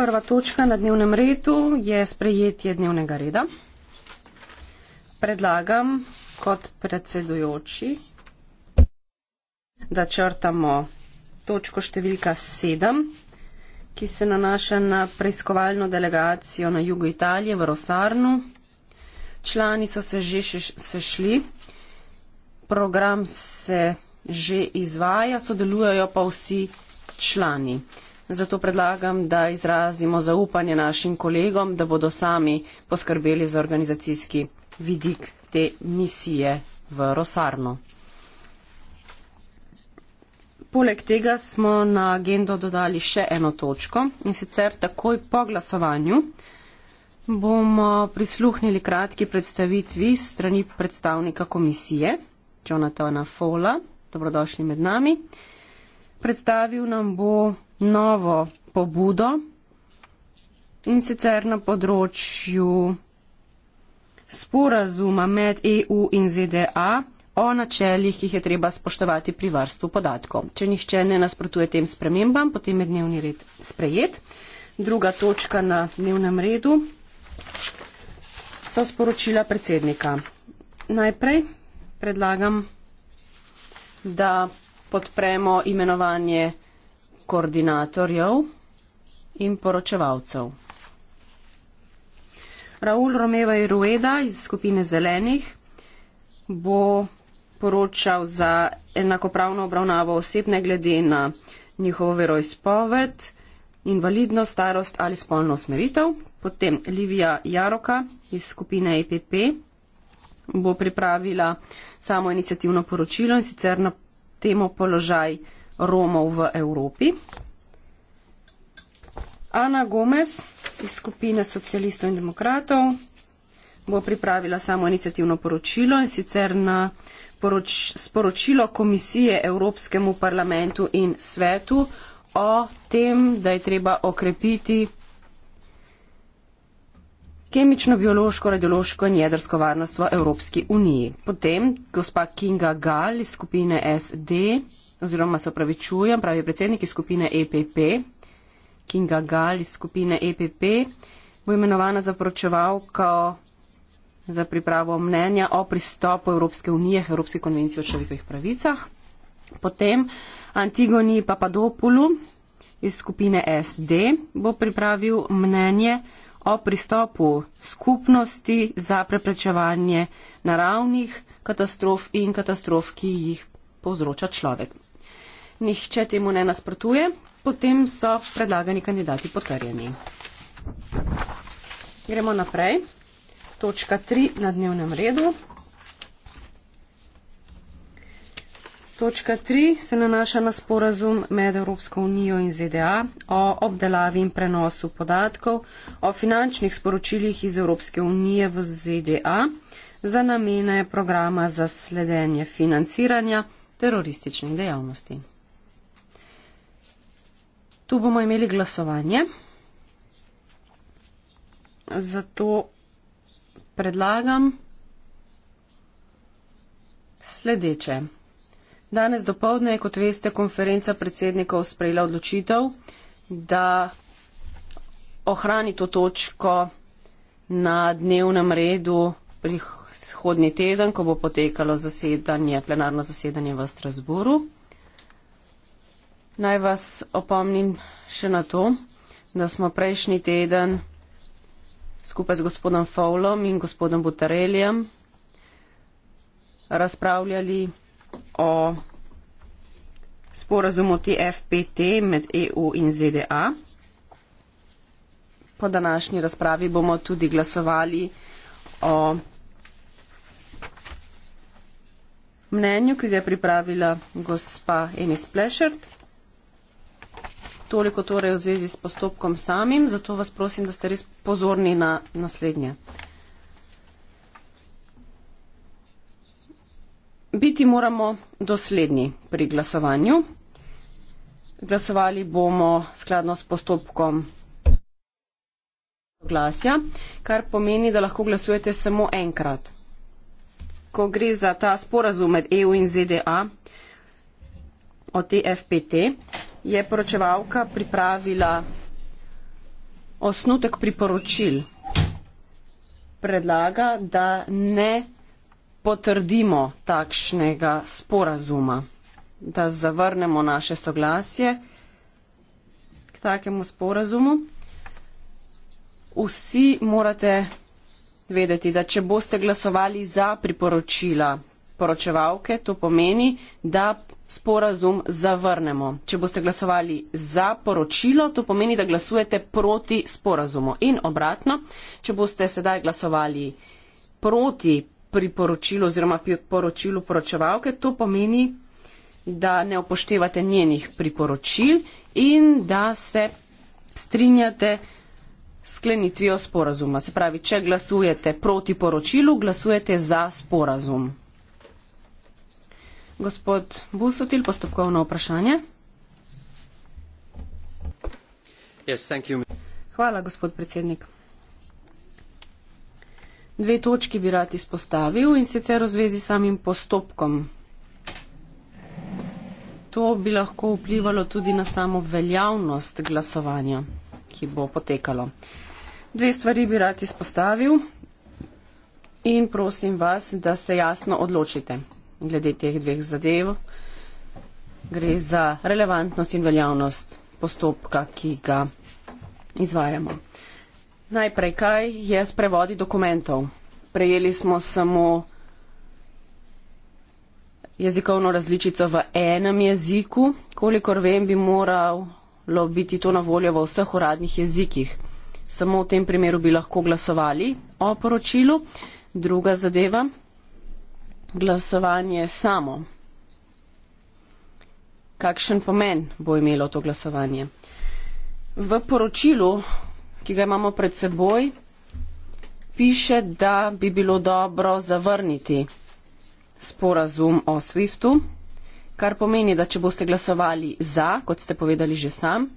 Prva točka na dnevnem redu je sprejetje dnevnega reda. Predlagam kot predsedujoči, da črtamo točko številka 7, ki se nanaša na preiskovalno delegacijo na jugu Italije v Rosarnu. Člani so se že sešli, program se že izvaja, sodelujejo pa vsi člani zato predlagam, da izrazimo zaupanje našim kolegom, da bodo sami poskrbeli za organizacijski vidik te misije v Rosarno. Poleg tega smo na agendo dodali še eno točko in sicer takoj po glasovanju bomo prisluhnili kratki predstavitvi strani predstavnika komisije Jonathana Fola. Dobrodošli med nami. Predstavil nam bo novo pobudo in sicer na področju sporazuma med EU in ZDA o načeljih, ki jih je treba spoštovati pri varstvu podatkov. Če nišče ne nasprotuje tem spremembam, potem je dnevni red sprejet. Druga točka na dnevnem redu so sporočila predsednika. Najprej predlagam, da podpremo imenovanje koordinatorjev in poročevalcev. Raul Romeva Irueda iz skupine Zelenih bo poročal za enakopravno obravnavo oseb ne glede na njihovo veroizpoved, invalidno starost ali spolno usmeritev. Potem Livija Jaroka iz skupine EPP bo pripravila samo inicijativno poročilo in sicer na temo položaj Romov v Evropi. Ana Gomez iz skupine socialistov in demokratov bo pripravila samo inicijativno poročilo in sicer na poroč, sporočilo Komisije Evropskemu parlamentu in svetu o tem, da je treba okrepiti kemično, biološko, radiološko in jedrsko varnost v Evropski uniji. Potem gospa Kinga Gal iz skupine SD oziroma se opravičujem, pravi predsednik iz skupine EPP, Kinga Gal iz skupine EPP, bo imenovana za poročevalko za pripravo mnenja o pristopu Evropske unije, Evropske konvencije o človekovih pravicah. Potem Antigoni Papadopulu iz skupine SD bo pripravil mnenje o pristopu skupnosti za preprečevanje naravnih katastrof in katastrof, ki jih povzroča človek. Nihče temu ne nasprotuje. Potem so predlagani kandidati potrjeni. Gremo naprej. Točka 3 na dnevnem redu. Točka 3 se nanaša na sporazum med Evropsko unijo in ZDA o obdelavi in prenosu podatkov o finančnih sporočilih iz Evropske unije v ZDA za namene programa za sledenje financiranja terorističnih dejavnosti. Tu bomo imeli glasovanje. Zato predlagam sledeče. Danes dopovdne je, kot veste, konferenca predsednikov sprejela odločitev, da ohrani to točko na dnevnem redu prihodnji teden, ko bo potekalo zasedanje, plenarno zasedanje v Strasburu. Naj vas opomnim še na to, da smo prejšnji teden skupaj z gospodom Fowlom in gospodom Butareljem razpravljali o sporazumu TFPT med EU in ZDA. Po današnji razpravi bomo tudi glasovali o mnenju, ki ga je pripravila gospa Enis Plešert. Toliko torej v zvezi s postopkom samim, zato vas prosim, da ste res pozorni na naslednje. Biti moramo dosledni pri glasovanju. Glasovali bomo skladno s postopkom glasja, kar pomeni, da lahko glasujete samo enkrat. Ko gre za ta sporazum med EU in ZDA o TFPT, je poročevalka pripravila osnutek priporočil, predlaga, da ne potrdimo takšnega sporazuma, da zavrnemo naše soglasje k takemu sporazumu. Vsi morate vedeti, da če boste glasovali za priporočila poročevalke, to pomeni, da sporazum zavrnemo. Če boste glasovali za poročilo, to pomeni, da glasujete proti sporazumu. In obratno, če boste sedaj glasovali proti priporočilu oziroma poročilu poročevalke, to pomeni, da ne upoštevate njenih priporočil in da se strinjate sklenitvijo sporazuma. Se pravi, če glasujete proti poročilu, glasujete za sporazum. Gospod Busotil, postopkovno vprašanje. Yes, Hvala, gospod predsednik. Dve točki bi rad izpostavil in sicer v zvezi s samim postopkom. To bi lahko vplivalo tudi na samo veljavnost glasovanja, ki bo potekalo. Dve stvari bi rad izpostavil in prosim vas, da se jasno odločite glede teh dveh zadev. Gre za relevantnost in veljavnost postopka, ki ga izvajamo. Najprej, kaj je s prevodi dokumentov? Prejeli smo samo jezikovno različico v enem jeziku. Kolikor vem, bi moralo biti to na voljo v vseh uradnih jezikih. Samo v tem primeru bi lahko glasovali o poročilu. Druga zadeva, glasovanje samo. Kakšen pomen bo imelo to glasovanje? V poročilu, ki ga imamo pred seboj, piše, da bi bilo dobro zavrniti sporazum o SWIFT-u, kar pomeni, da če boste glasovali za, kot ste povedali že sam,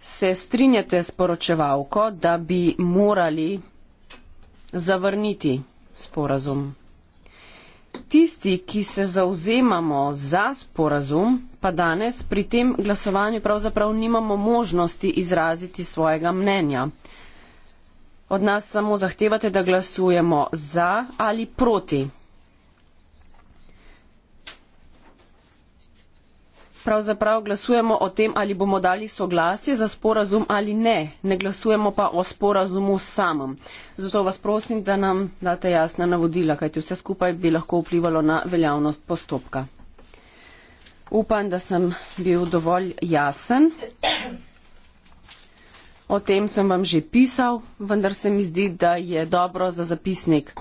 se strinjate s poročevalko, da bi morali zavrniti sporazum Tisti, ki se zauzemamo za sporazum, pa danes pri tem glasovanju pravzaprav nimamo možnosti izraziti svojega mnenja. Od nas samo zahtevate, da glasujemo za ali proti pravzaprav glasujemo o tem, ali bomo dali soglasje za sporazum ali ne. Ne glasujemo pa o sporazumu samem. Zato vas prosim, da nam date jasna navodila, kajti vse skupaj bi lahko vplivalo na veljavnost postopka. Upam, da sem bil dovolj jasen. O tem sem vam že pisal, vendar se mi zdi, da je dobro za zapisnik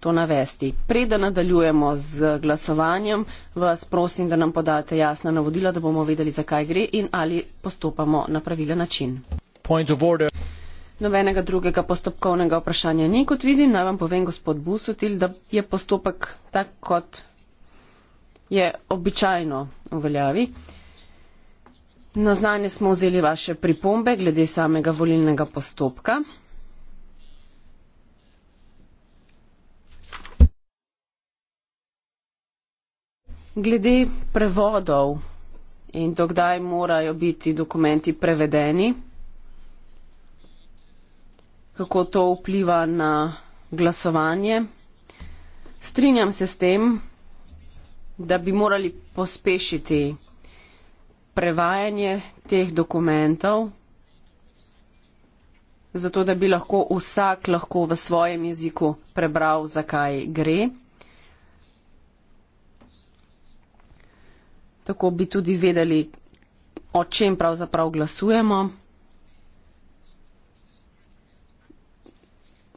to navesti. Preden nadaljujemo z glasovanjem, vas prosim, da nam podate jasna navodila, da bomo vedeli, zakaj gre in ali postopamo na pravilen način. Novenega drugega postopkovnega vprašanja ni, kot vidim. Naj vam povem, gospod Busutil, da je postopek tak, kot je običajno v veljavi. Na znanje smo vzeli vaše pripombe glede samega volilnega postopka. Glede prevodov in dokdaj morajo biti dokumenti prevedeni, kako to vpliva na glasovanje. Strinjam se s tem, da bi morali pospešiti prevajanje teh dokumentov, zato da bi lahko vsak lahko v svojem jeziku prebral, zakaj gre. tako bi tudi vedeli, o čem pravzaprav glasujemo.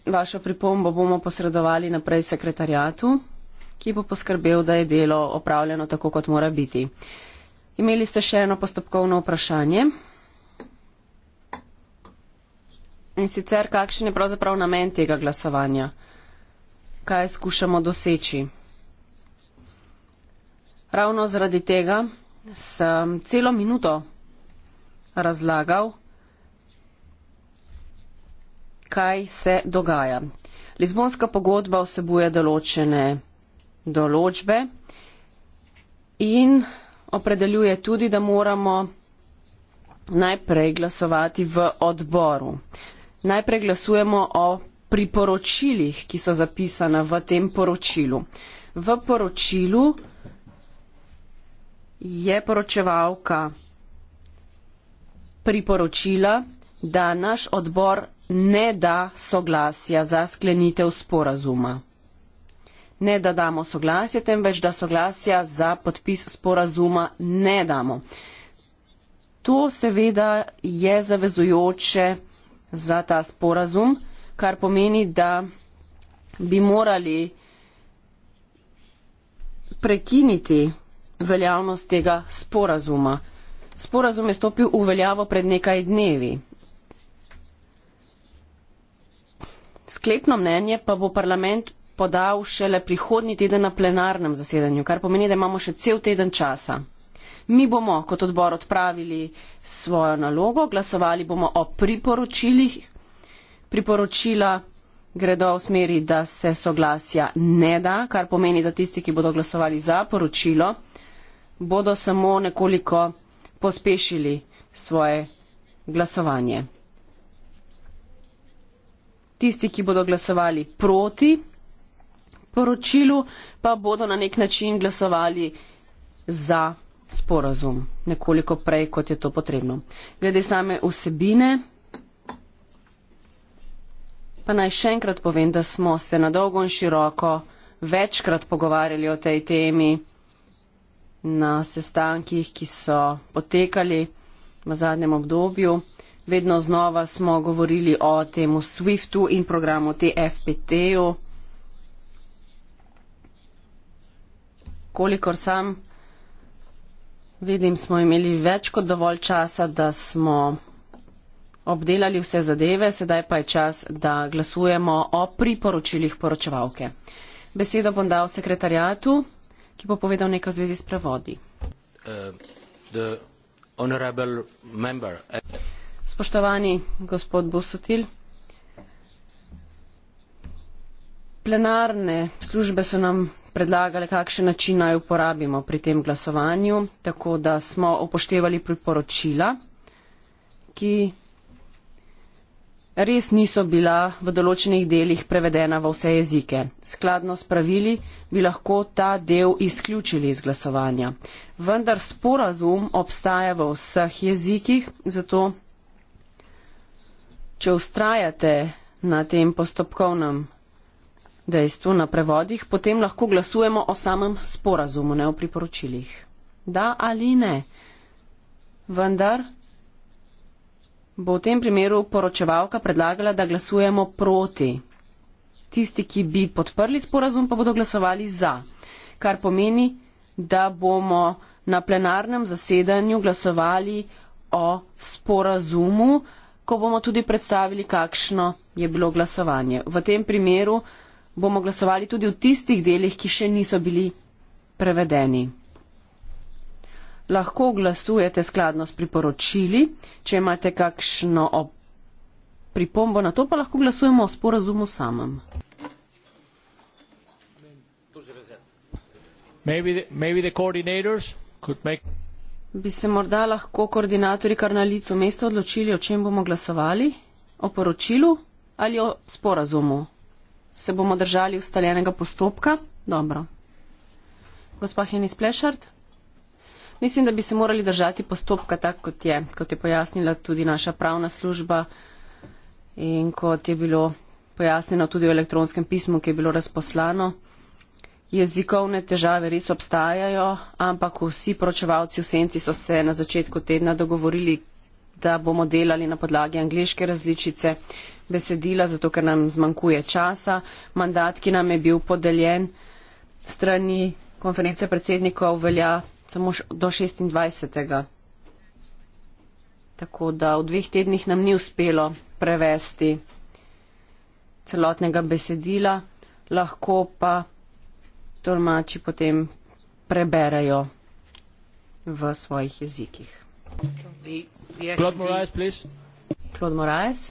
Vašo pripombo bomo posredovali naprej sekretarjatu, ki bo poskrbel, da je delo opravljeno tako, kot mora biti. Imeli ste še eno postopkovno vprašanje. In sicer, kakšen je pravzaprav namen tega glasovanja? Kaj skušamo doseči? Ravno zaradi tega sem celo minuto razlagal, kaj se dogaja. Lizbonska pogodba vsebuje določene določbe in opredeljuje tudi, da moramo najprej glasovati v odboru. Najprej glasujemo o priporočilih, ki so zapisana v tem poročilu. V poročilu je poročevalka priporočila, da naš odbor ne da soglasja za sklenitev sporazuma. Ne da damo soglasje, temveč da soglasja za podpis sporazuma ne damo. To seveda je zavezujoče za ta sporazum, kar pomeni, da bi morali prekiniti veljavnost tega sporazuma. Sporazum je stopil v veljavo pred nekaj dnevi. Sklepno mnenje pa bo parlament podal šele prihodni teden na plenarnem zasedanju, kar pomeni, da imamo še cel teden časa. Mi bomo kot odbor odpravili svojo nalogo, glasovali bomo o priporočilih. Priporočila gredo v smeri, da se soglasja ne da, kar pomeni, da tisti, ki bodo glasovali za poročilo, bodo samo nekoliko pospešili svoje glasovanje. Tisti, ki bodo glasovali proti poročilu, pa bodo na nek način glasovali za sporazum, nekoliko prej, kot je to potrebno. Glede same vsebine, pa naj še enkrat povem, da smo se na dolgo in široko večkrat pogovarjali o tej temi na sestankih, ki so potekali v zadnjem obdobju. Vedno znova smo govorili o temu SWIFT-u in programu TFPT-u. Kolikor sam vidim, smo imeli več kot dovolj časa, da smo obdelali vse zadeve, sedaj pa je čas, da glasujemo o priporočilih poročevalke. Besedo bom dal sekretarjatu ki bo povedal nekaj v zvezi s pravodi. Uh, uh, Spoštovani gospod Busutil, plenarne službe so nam predlagali, kakšen način naj uporabimo pri tem glasovanju, tako da smo upoštevali priporočila, ki res niso bila v določenih delih prevedena v vse jezike. Skladno s pravili bi lahko ta del izključili iz glasovanja. Vendar sporazum obstaja v vseh jezikih, zato če ustrajate na tem postopkovnem dejstvu na prevodih, potem lahko glasujemo o samem sporazumu, ne o priporočilih. Da ali ne. Vendar bo v tem primeru poročevalka predlagala, da glasujemo proti. Tisti, ki bi podprli sporazum, pa bodo glasovali za, kar pomeni, da bomo na plenarnem zasedanju glasovali o sporazumu, ko bomo tudi predstavili, kakšno je bilo glasovanje. V tem primeru bomo glasovali tudi v tistih delih, ki še niso bili prevedeni lahko glasujete skladno s priporočili, če imate kakšno pripombo na to, pa lahko glasujemo o sporazumu samem. Maybe the, maybe the Bi se morda lahko koordinatori kar na licu mesta odločili, o čem bomo glasovali? O poročilu ali o sporazumu? Se bomo držali ustaljenega postopka? Dobro. Gospa Henis Plešart. Mislim, da bi se morali držati postopka tak, kot je, kot je pojasnila tudi naša pravna služba in kot je bilo pojasnjeno tudi v elektronskem pismu, ki je bilo razposlano. Jezikovne težave res obstajajo, ampak vsi poročevalci v senci so se na začetku tedna dogovorili, da bomo delali na podlagi angliške različice besedila, zato ker nam zmanjkuje časa. Mandat, ki nam je bil podeljen strani konference predsednikov, velja samo do 26. Tako da v dveh tednih nam ni uspelo prevesti celotnega besedila, lahko pa tolmači potem preberajo v svojih jezikih. Klod Moraes, prosim. Klod Moraes.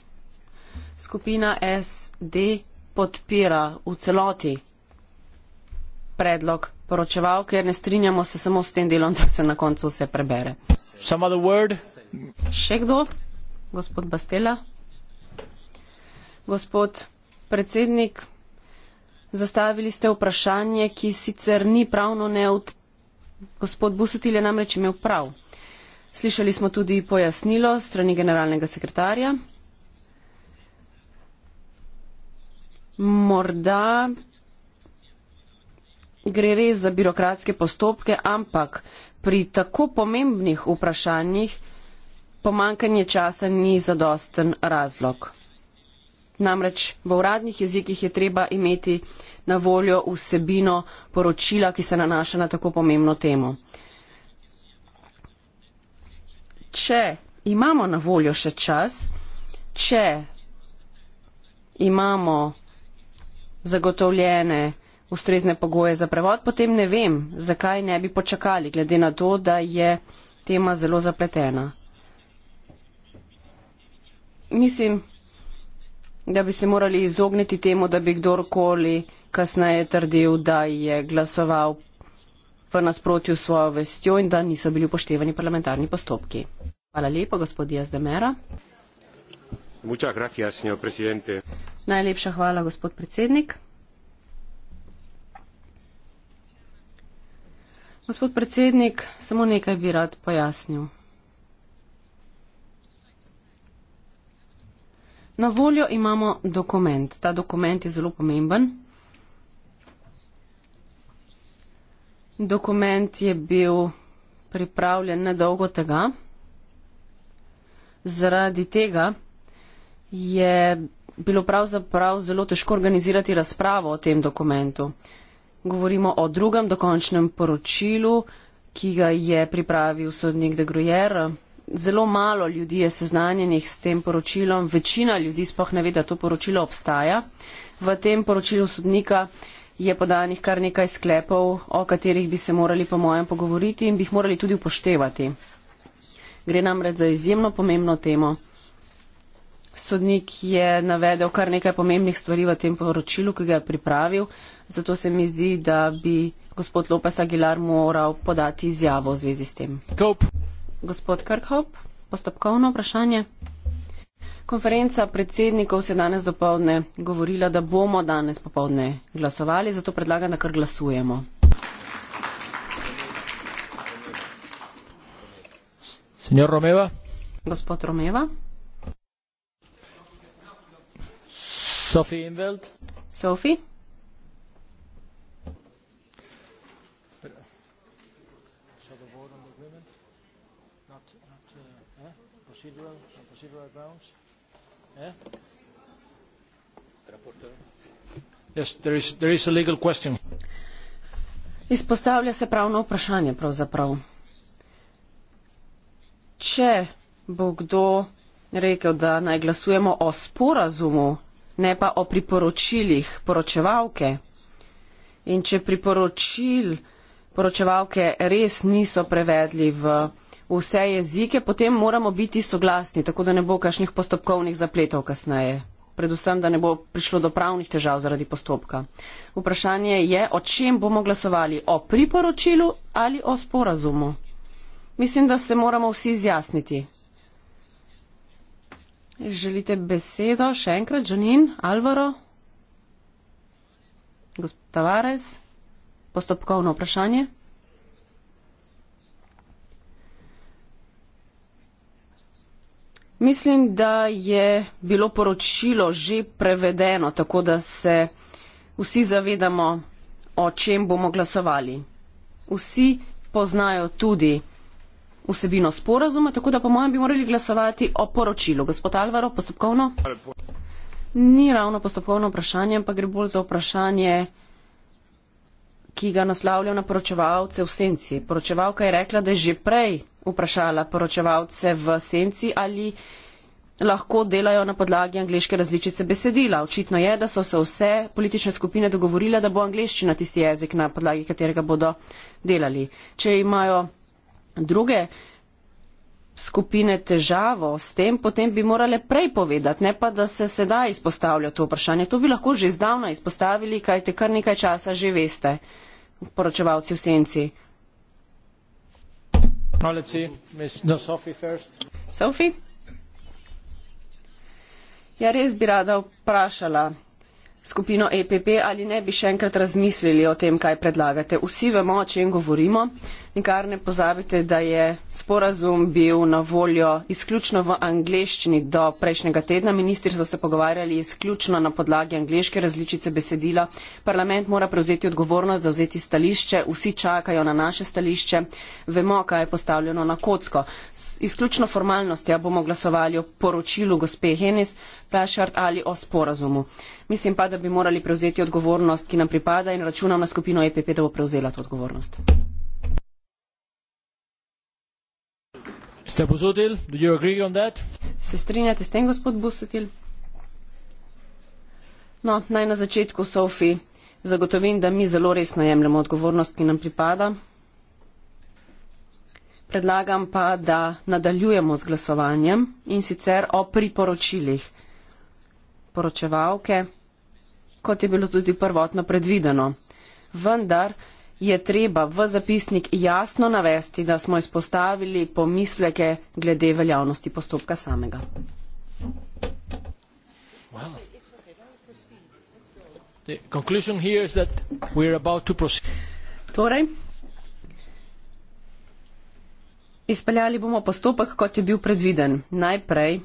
Skupina SD podpira v celoti predlog poročevalke, ne strinjamo se samo s tem delom, da se na koncu vse prebere. Še kdo? Gospod Bastela? Gospod predsednik, zastavili ste vprašanje, ki sicer ni pravno neutrdno. Gospod Busutil je namreč imel prav. Slišali smo tudi pojasnilo strani generalnega sekretarja. Morda gre res za birokratske postopke, ampak pri tako pomembnih vprašanjih pomankanje časa ni zadosten razlog. Namreč v uradnih jezikih je treba imeti na voljo vsebino poročila, ki se nanaša na tako pomembno temo. Če imamo na voljo še čas, če imamo zagotovljene ustrezne pogoje za prevod, potem ne vem, zakaj ne bi počakali, glede na to, da je tema zelo zapletena. Mislim, da bi se morali izogniti temu, da bi kdorkoli kasneje trdil, da je glasoval v nasprotju s svojo vestjo in da niso bili upoštevani parlamentarni postopki. Hvala lepa, gospod Jazdemera. Muchas gracias, señor presidente. Najlepša hvala, gospod predsednik. Gospod predsednik, samo nekaj bi rad pojasnil. Na voljo imamo dokument. Ta dokument je zelo pomemben. Dokument je bil pripravljen nedolgo tega. Zaradi tega je bilo pravzaprav zelo težko organizirati razpravo o tem dokumentu govorimo o drugem dokončnem poročilu, ki ga je pripravil sodnik de Grujer. Zelo malo ljudi je seznanjenih s tem poročilom, večina ljudi spoh ne ve, da to poročilo obstaja. V tem poročilu sodnika je podanih kar nekaj sklepov, o katerih bi se morali po mojem pogovoriti in bi jih morali tudi upoštevati. Gre namreč za izjemno pomembno temo. Sodnik je navedel kar nekaj pomembnih stvari v tem poročilu, ki ga je pripravil. Zato se mi zdi, da bi gospod Lopes Aguilar moral podati izjavo v zvezi s tem. Kup. Gospod Krkhop, postopkovno vprašanje. Konferenca predsednikov se je danes dopovdne govorila, da bomo danes popovdne glasovali, zato predlagam, da kar glasujemo. Senjor Romeva. Gospod Romeva. Sophie Inveld. Sophie. izpostavlja se pravno vprašanje pravzaprav če bo kdo rekel da naj glasujemo o sporazumu ne pa o priporočilih poročevalke in če priporočil poročevalke res niso prevedli v vse jezike potem moramo biti soglasni tako da ne bo kakšnih postopkovnih zapletov kasneje predvsem, da ne bo prišlo do pravnih težav zaradi postopka. Vprašanje je, o čem bomo glasovali, o priporočilu ali o sporazumu. Mislim, da se moramo vsi izjasniti. Želite besedo še enkrat, Džanin, Alvaro, gospod Tavares, postopkovno vprašanje. Mislim, da je bilo poročilo že prevedeno, tako da se vsi zavedamo, o čem bomo glasovali. Vsi poznajo tudi vsebino sporazuma, tako da po mojem bi morali glasovati o poročilu. Gospod Alvaro, postopkovno? Ni ravno postopkovno vprašanje, ampak gre bolj za vprašanje, ki ga naslavlja na poročevalce v senci. Poročevalka je rekla, da je že prej vprašala poročevalce v senci, ali lahko delajo na podlagi angliške različice besedila. Očitno je, da so se vse politične skupine dogovorile, da bo angliščina tisti jezik, na podlagi katerega bodo delali. Če imajo druge skupine težavo s tem, potem bi morale prej povedati, ne pa da se sedaj izpostavlja to vprašanje. To bi lahko že zdavna izpostavili, kaj te kar nekaj časa že veste, poročevalci v senci policy. Ms. No, Sophie first. Sophie? Ja, res bi rada vprašala skupino EPP ali ne bi še enkrat razmislili o tem, kaj predlagate. Vsi vemo, o čem govorimo. Nikar ne pozabite, da je sporazum bil na voljo izključno v angleščini do prejšnjega tedna. Ministri so se pogovarjali izključno na podlagi angleške različice besedila. Parlament mora prevzeti odgovornost, zauzeti stališče. Vsi čakajo na naše stališče. Vemo, kaj je postavljeno na kocko. Izključno formalnost, ja bomo glasovali o poročilu gospe Henis, Rašard ali o sporazumu. Mislim pa, da bi morali prevzeti odgovornost, ki nam pripada in računam na skupino EPP, da bo prevzela to odgovornost. Ste posodil? Do you agree on that? Se strinjate s tem, gospod Busutil? No, naj na začetku, Sofi, zagotovim, da mi zelo resno jemljemo odgovornost, ki nam pripada. Predlagam pa, da nadaljujemo z glasovanjem in sicer o priporočilih poročevalke, kot je bilo tudi prvotno predvideno. Vendar je treba v zapisnik jasno navesti, da smo izpostavili pomisleke glede veljavnosti postopka samega. Torej, izpeljali bomo postopek, kot je bil predviden. Najprej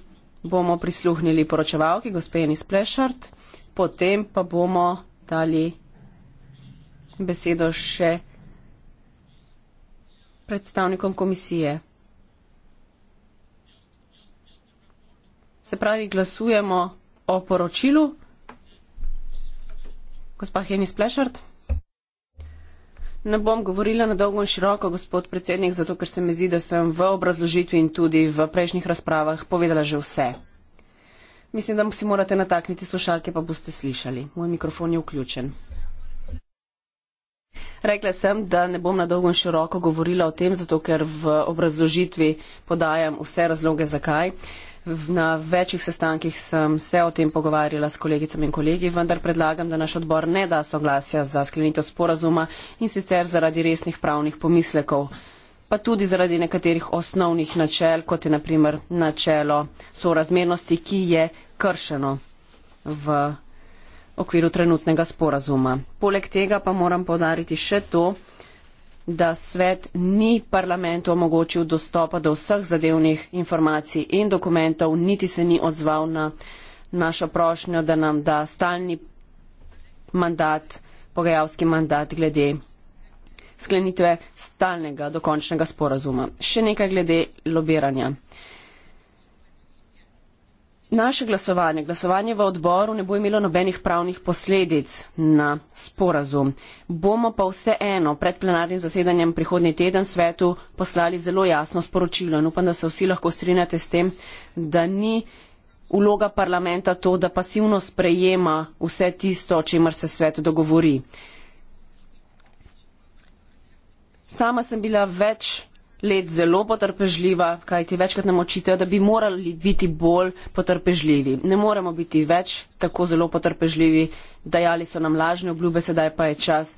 bomo prisluhnili poročevalki, gospejeni Splešart, potem pa bomo dali besedo še predstavnikom komisije. Se pravi, glasujemo o poročilu. Gospa Henis Plešart. Ne bom govorila na dolgo in široko, gospod predsednik, zato ker se mi zdi, da sem v obrazložitvi in tudi v prejšnjih razpravah povedala že vse. Mislim, da si morate natakniti slušalke, pa boste slišali. Moj mikrofon je vključen. Rekla sem, da ne bom na dolgo in široko govorila o tem, zato ker v obrazložitvi podajam vse razloge, zakaj. Uh, Na večjih sestankih sem se o tem pogovarjala s kolegicami in kolegi, vendar predlagam, da naš odbor ne da soglasja za sklenitev sporazuma in sicer zaradi resnih pravnih pomislekov, pa tudi zaradi nekaterih osnovnih načel, kot je naprimer načelo sorazmernosti, ki je kršeno v okviru trenutnega sporazuma. Poleg tega pa moram podariti še to, da svet ni parlamentu omogočil dostopa do vseh zadevnih informacij in dokumentov, niti se ni odzval na našo prošnjo, da nam da stalni mandat, pogajalski mandat glede sklenitve stalnega dokončnega sporazuma. Še nekaj glede lobiranja. Uh, Naše glasovanje, glasovanje v odboru ne bo imelo nobenih pravnih posledic na sporazum. Bomo pa vseeno pred plenarnim zasedanjem prihodnji teden svetu poslali zelo jasno sporočilo in upam, da se vsi lahko strinjate s tem, da ni uloga parlamenta to, da pasivno sprejema vse tisto, o čemer se svet dogovori. Sama sem bila več let zelo potrpežljiva, kajti večkrat nam očitajo, da bi morali biti bolj potrpežljivi. Ne moremo biti več tako zelo potrpežljivi, dajali so nam lažne obljube, sedaj pa je čas,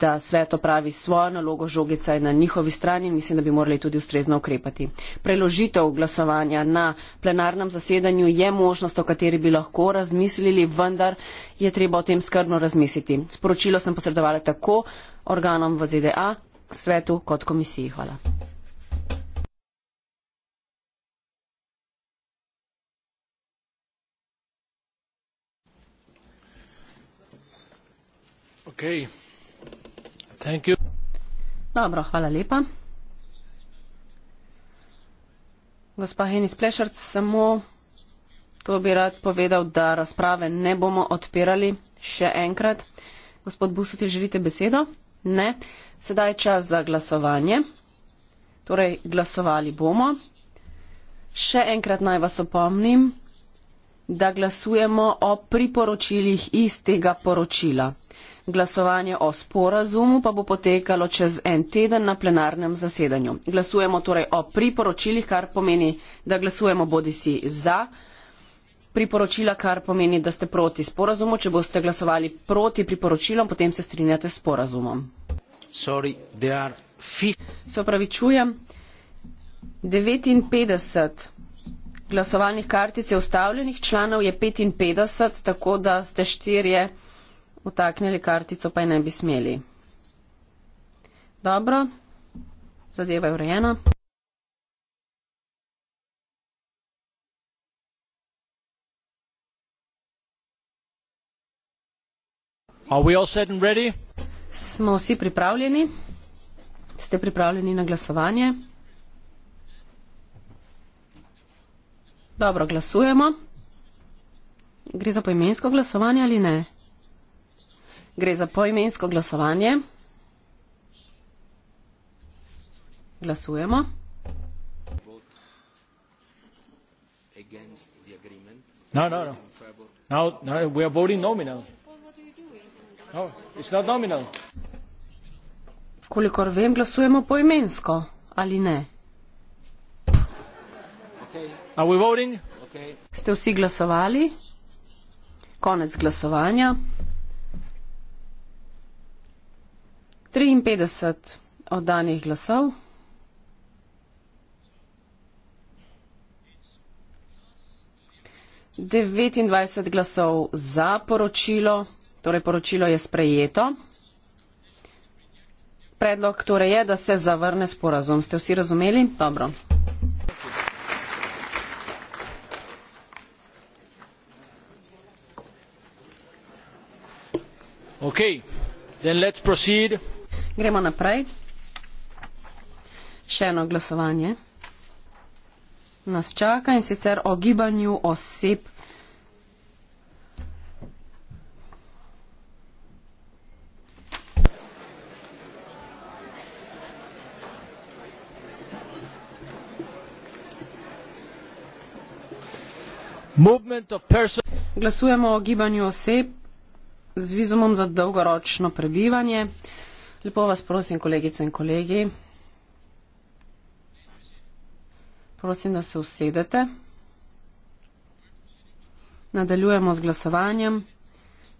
da svet opravi svojo nalogo žogica in na njihovi strani mislim, da bi morali tudi ustrezno ukrepati. Preložitev glasovanja na plenarnem zasedanju je možnost, o kateri bi lahko razmislili, vendar je treba o tem skrbno razmisliti. Sporočilo sem posredovala tako organom v ZDA, svetu kot komisiji. Hvala. Okay. Thank you. Dobro, hvala lepa. Gospa Henis Plešarc, samo to bi rad povedal, da razprave ne bomo odpirali še enkrat. Gospod Busutil, želite besedo? Ne. Sedaj je čas za glasovanje. Torej, glasovali bomo. Še enkrat naj vas opomnim, da glasujemo o priporočilih iz tega poročila. Glasovanje o sporazumu pa bo potekalo čez en teden na plenarnem zasedanju. Glasujemo torej o priporočilih, kar pomeni, da glasujemo bodi si za priporočila, kar pomeni, da ste proti sporazumu. Če boste glasovali proti priporočilom, potem se strinjate s sporazumom. Sorry, se opravičujem. 59 glasovalnih kartic je ustavljenih, članov je 55, tako da ste štirje vtaknili kartico pa je ne bi smeli. Dobro, zadeva je urejena. Are we all set and ready? Smo vsi pripravljeni? Ste pripravljeni na glasovanje? Dobro, glasujemo. Gre za poimensko glasovanje ali ne? Gre za poimensko glasovanje. Glasujemo. No, no, no. Now, now we are voting nominal. No, it's not nominal. Kolikor vem, glasujemo poimensko ali ne. Okay. Are we voting? Okay. Ste vsi glasovali? Konec glasovanja. 53 oddanih glasov. devetindvajset glasov za poročilo, torej poročilo je sprejeto. Predlog torej je, da se zavrne sporazum. Ste vsi razumeli? Dobro. Okay. Then let's proceed. Gremo naprej. Še eno glasovanje nas čaka in sicer o gibanju oseb. Glasujemo o gibanju oseb z vizumom za dolgoročno prebivanje. Lepo vas prosim, kolegice in kolegi, prosim, da se usedete. Nadaljujemo z glasovanjem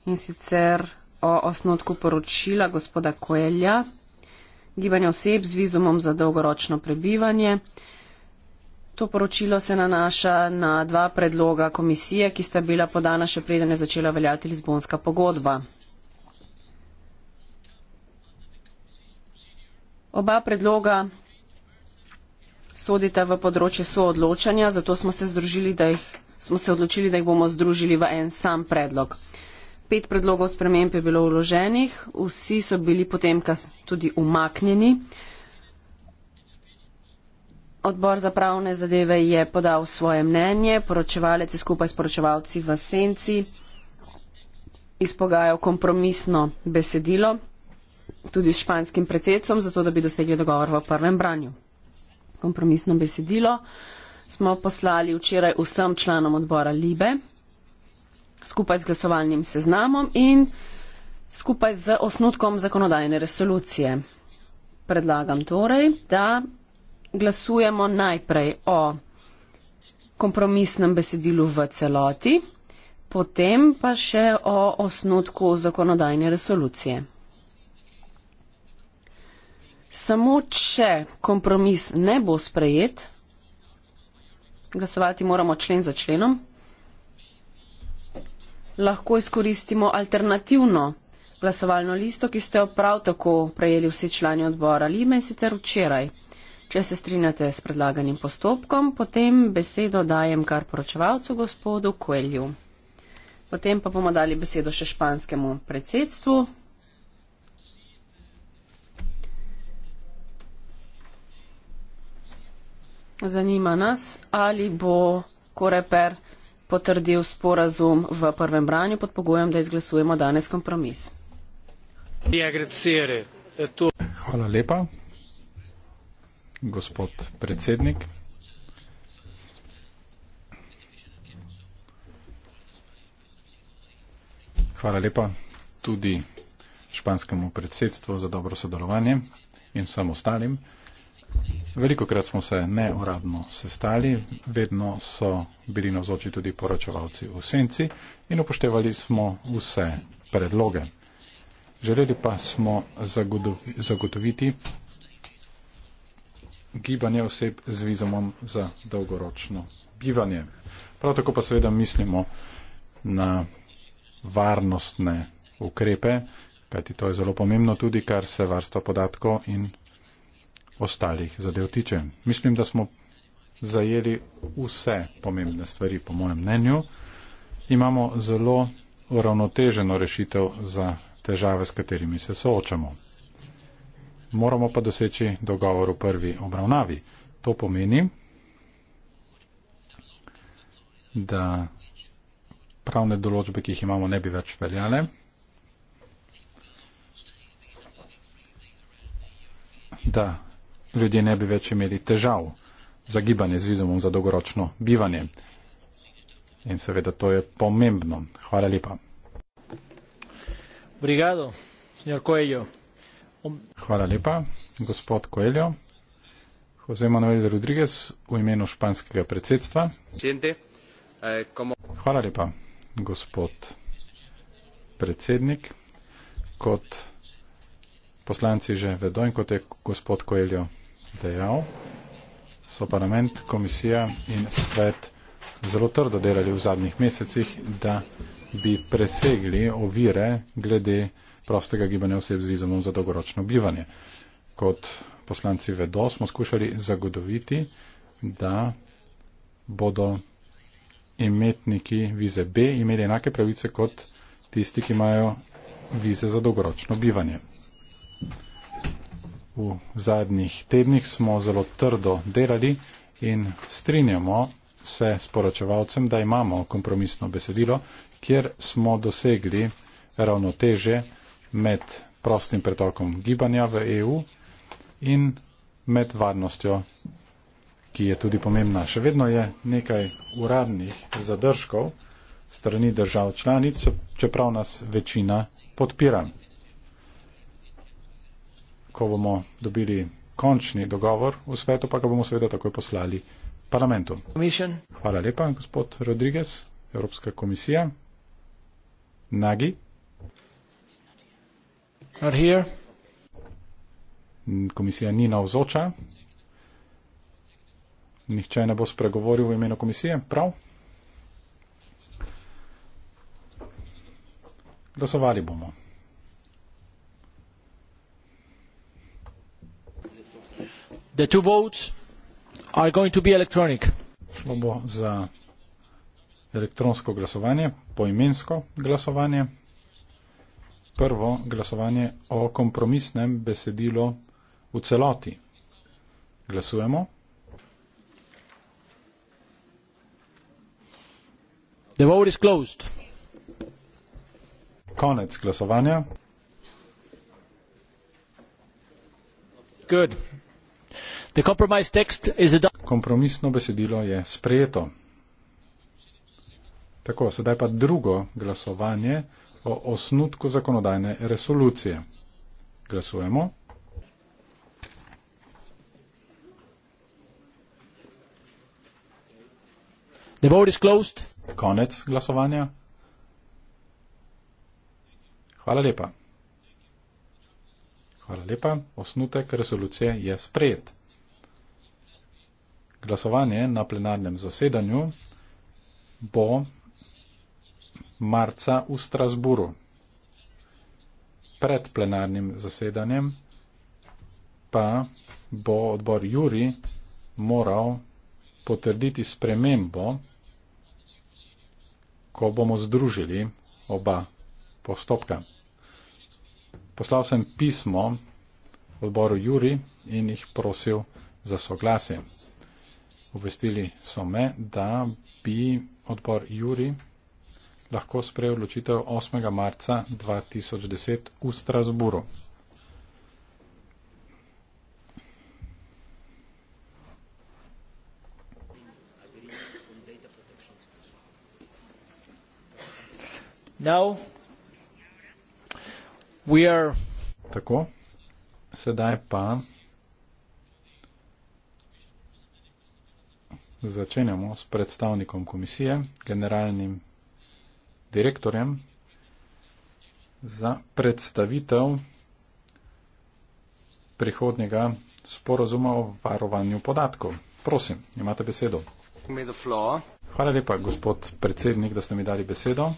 in sicer o osnotku poročila gospoda Koelja, gibanje oseb z vizumom za dolgoročno prebivanje. To poročilo se nanaša na dva predloga komisije, ki sta bila podana še preden je začela veljati Lizbonska pogodba. Oba predloga sodita v področje soodločanja, zato smo se, združili, da jih, smo se odločili, da jih bomo združili v en sam predlog. Pet predlogov sprememb je bilo vloženih, vsi so bili potem tudi umaknjeni. Odbor za pravne zadeve je podal svoje mnenje, poročevalec je skupaj s poročevalci v senci izpogajal kompromisno besedilo tudi s španskim predsedcom, zato da bi dosegli dogovor v prvem branju. Kompromisno besedilo smo poslali včeraj vsem članom odbora Libe, skupaj z glasovalnim seznamom in skupaj z osnutkom zakonodajne resolucije. Predlagam torej, da glasujemo najprej o kompromisnem besedilu v celoti, potem pa še o osnutku zakonodajne resolucije. Samo če kompromis ne bo sprejet, glasovati moramo člen za členom, lahko izkoristimo alternativno glasovalno listo, ki ste jo prav tako prejeli vsi člani odbora Lime in sicer včeraj. Če se strinjate s predlaganim postopkom, potem besedo dajem kar poročevalcu gospodu Kuelju. Potem pa bomo dali besedo še španskemu predsedstvu, Zanima nas, ali bo Koreper potrdil sporazum v prvem branju pod pogojem, da izglasujemo danes kompromis. Ja, e, Hvala lepa, gospod predsednik. Hvala lepa tudi španskemu predsedstvu za dobro sodelovanje in vsem ostalim. Veliko krat smo se neuradno sestali, vedno so bili navzoči tudi poročevalci v senci in upoštevali smo vse predloge. Želeli pa smo zagotovi, zagotoviti gibanje oseb z vizumom za dolgoročno bivanje. Prav tako pa seveda mislimo na varnostne ukrepe, kajti to je zelo pomembno tudi, kar se varstva podatkov in ostalih zadev tiče. Mislim, da smo zajeli vse pomembne stvari, po mojem mnenju. Imamo zelo uravnoteženo rešitev za težave, s katerimi se soočamo. Moramo pa doseči dogovor v prvi obravnavi. To pomeni, da pravne določbe, ki jih imamo, ne bi več veljale, da ljudje ne bi več imeli težav za gibanje z vizumom za dolgoročno bivanje. In seveda to je pomembno. Hvala lepa. Brigado, Coelho. Um... Hvala lepa, gospod Coelho. José Manuel Rodríguez v imenu španskega predsedstva. Eh, Hvala lepa, gospod predsednik. Kot poslanci že vedo in kot je gospod Coelho dejal, so parlament, komisija in svet zelo trdo delali v zadnjih mesecih, da bi presegli ovire glede prostega gibanja oseb z vizumom za dolgoročno bivanje. Kot poslanci vedo, smo skušali zagotoviti, da bodo imetniki vize B imeli enake pravice kot tisti, ki imajo vize za dolgoročno bivanje v zadnjih tednih smo zelo trdo delali in strinjamo se s poročevalcem, da imamo kompromisno besedilo, kjer smo dosegli ravnoteže med prostim pretokom gibanja v EU in med varnostjo, ki je tudi pomembna. Še vedno je nekaj uradnih zadržkov strani držav članic, čeprav nas večina podpira ko bomo dobili končni dogovor v svetu, pa ga bomo seveda takoj poslali parlamentu. Mission. Hvala lepa, gospod Rodriguez, Evropska komisija. Nagi. Komisija ni navzoča. Nihče ne bo spregovoril v imenu komisije, prav? Glasovali bomo. The two votes are going to be electronic. Šlo bo za elektronsko glasovanje, poimensko glasovanje. Prvo glasovanje o kompromisnem besedilu v celoti. Glasujemo. The vote is closed. Konec glasovanja. Good. Kompromisno besedilo je sprejeto. Tako, sedaj pa drugo glasovanje o osnutku zakonodajne resolucije. Glasujemo. The vote is closed. Konec glasovanja. Hvala lepa. Hvala lepa. Osnutek resolucije je sprejet glasovanje na plenarnem zasedanju bo marca v Strasburu. Pred plenarnim zasedanjem pa bo odbor Juri moral potrditi spremembo, ko bomo združili oba postopka. Poslal sem pismo odboru Juri in jih prosil za soglasje. Obvestili so me, da bi odbor Juri lahko sprejel odločitev 8. marca 2010 v Strasburu. Now, we are... Tako, sedaj pa začenjamo s predstavnikom komisije, generalnim direktorjem, za predstavitev prihodnjega sporozuma o varovanju podatkov. Prosim, imate besedo. Hvala lepa, gospod predsednik, da ste mi dali besedo.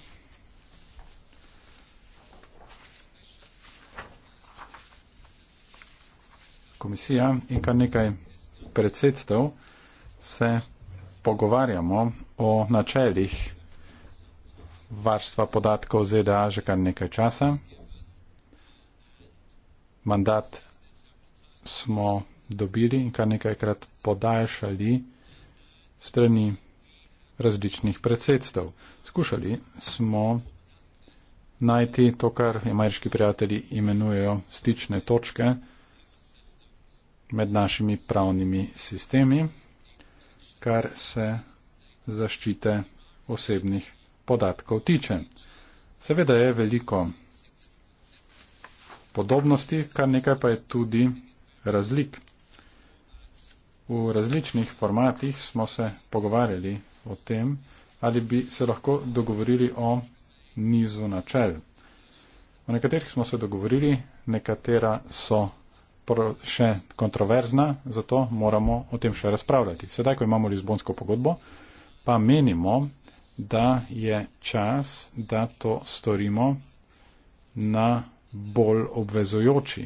Komisija in kar nekaj predsedstv se pogovarjamo o načelih varstva podatkov ZDA že kar nekaj časa. Mandat smo dobili in kar nekajkrat podaljšali strani različnih predsedstv. Skušali smo najti to, kar ameriški prijatelji imenujejo stične točke med našimi pravnimi sistemi kar se zaščite osebnih podatkov tiče. Seveda je veliko podobnosti, kar nekaj pa je tudi razlik. V različnih formatih smo se pogovarjali o tem, ali bi se lahko dogovorili o nizu načel. O nekaterih smo se dogovorili, nekatera so še kontroverzna, zato moramo o tem še razpravljati. Sedaj, ko imamo Lizbonsko pogodbo, pa menimo, da je čas, da to storimo na bolj obvezojoči,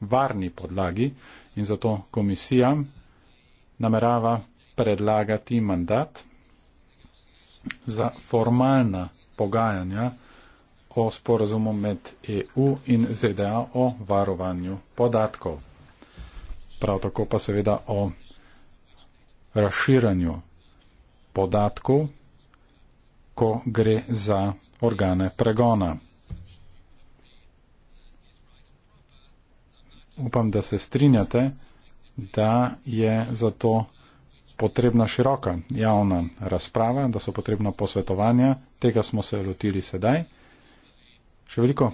varni podlagi in zato komisija namerava predlagati mandat za formalna pogajanja o sporazumu med EU in ZDA o varovanju podatkov. Prav tako pa seveda o razširanju podatkov, ko gre za organe pregona. Upam, da se strinjate, da je zato potrebna široka javna razprava, da so potrebna posvetovanja, tega smo se lotili sedaj. Še veliko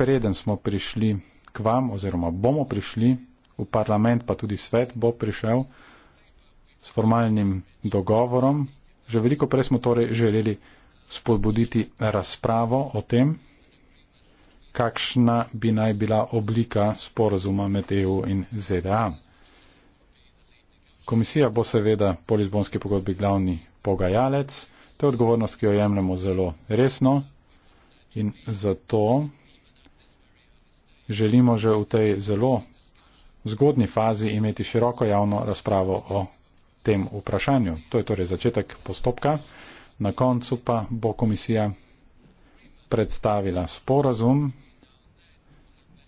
preden smo prišli k vam, oziroma bomo prišli v parlament, pa tudi svet bo prišel s formalnim dogovorom. Že veliko prej smo torej želeli spodbuditi razpravo o tem, kakšna bi naj bila oblika sporazuma med EU in ZDA. Komisija bo seveda po Lizbonski pogodbi glavni pogajalec, to je odgovornost, ki jo jemljemo zelo resno. In zato želimo že v tej zelo zgodni fazi imeti široko javno razpravo o tem vprašanju. To je torej začetek postopka. Na koncu pa bo komisija predstavila sporazum.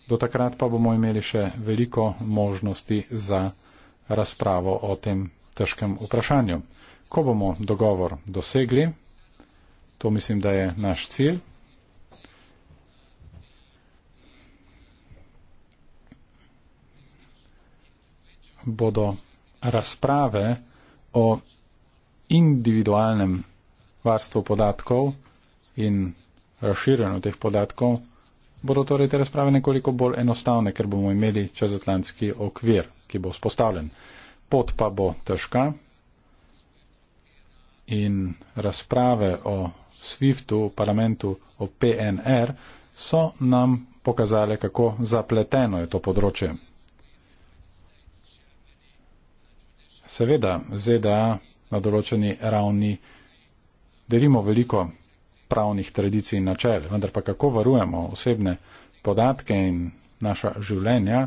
Do takrat pa bomo imeli še veliko možnosti za razpravo o tem težkem vprašanju. Ko bomo dogovor dosegli, to mislim, da je naš cilj, bodo razprave o individualnem varstvu podatkov in razširjenju teh podatkov, bodo torej te razprave nekoliko bolj enostavne, ker bomo imeli čezatlantski okvir, ki bo vzpostavljen. Pot pa bo težka in razprave o SWIFT-u, parlamentu, o PNR so nam pokazale, kako zapleteno je to področje. seveda ZDA na določeni ravni delimo veliko pravnih tradicij in načel, vendar pa kako varujemo osebne podatke in naša življenja,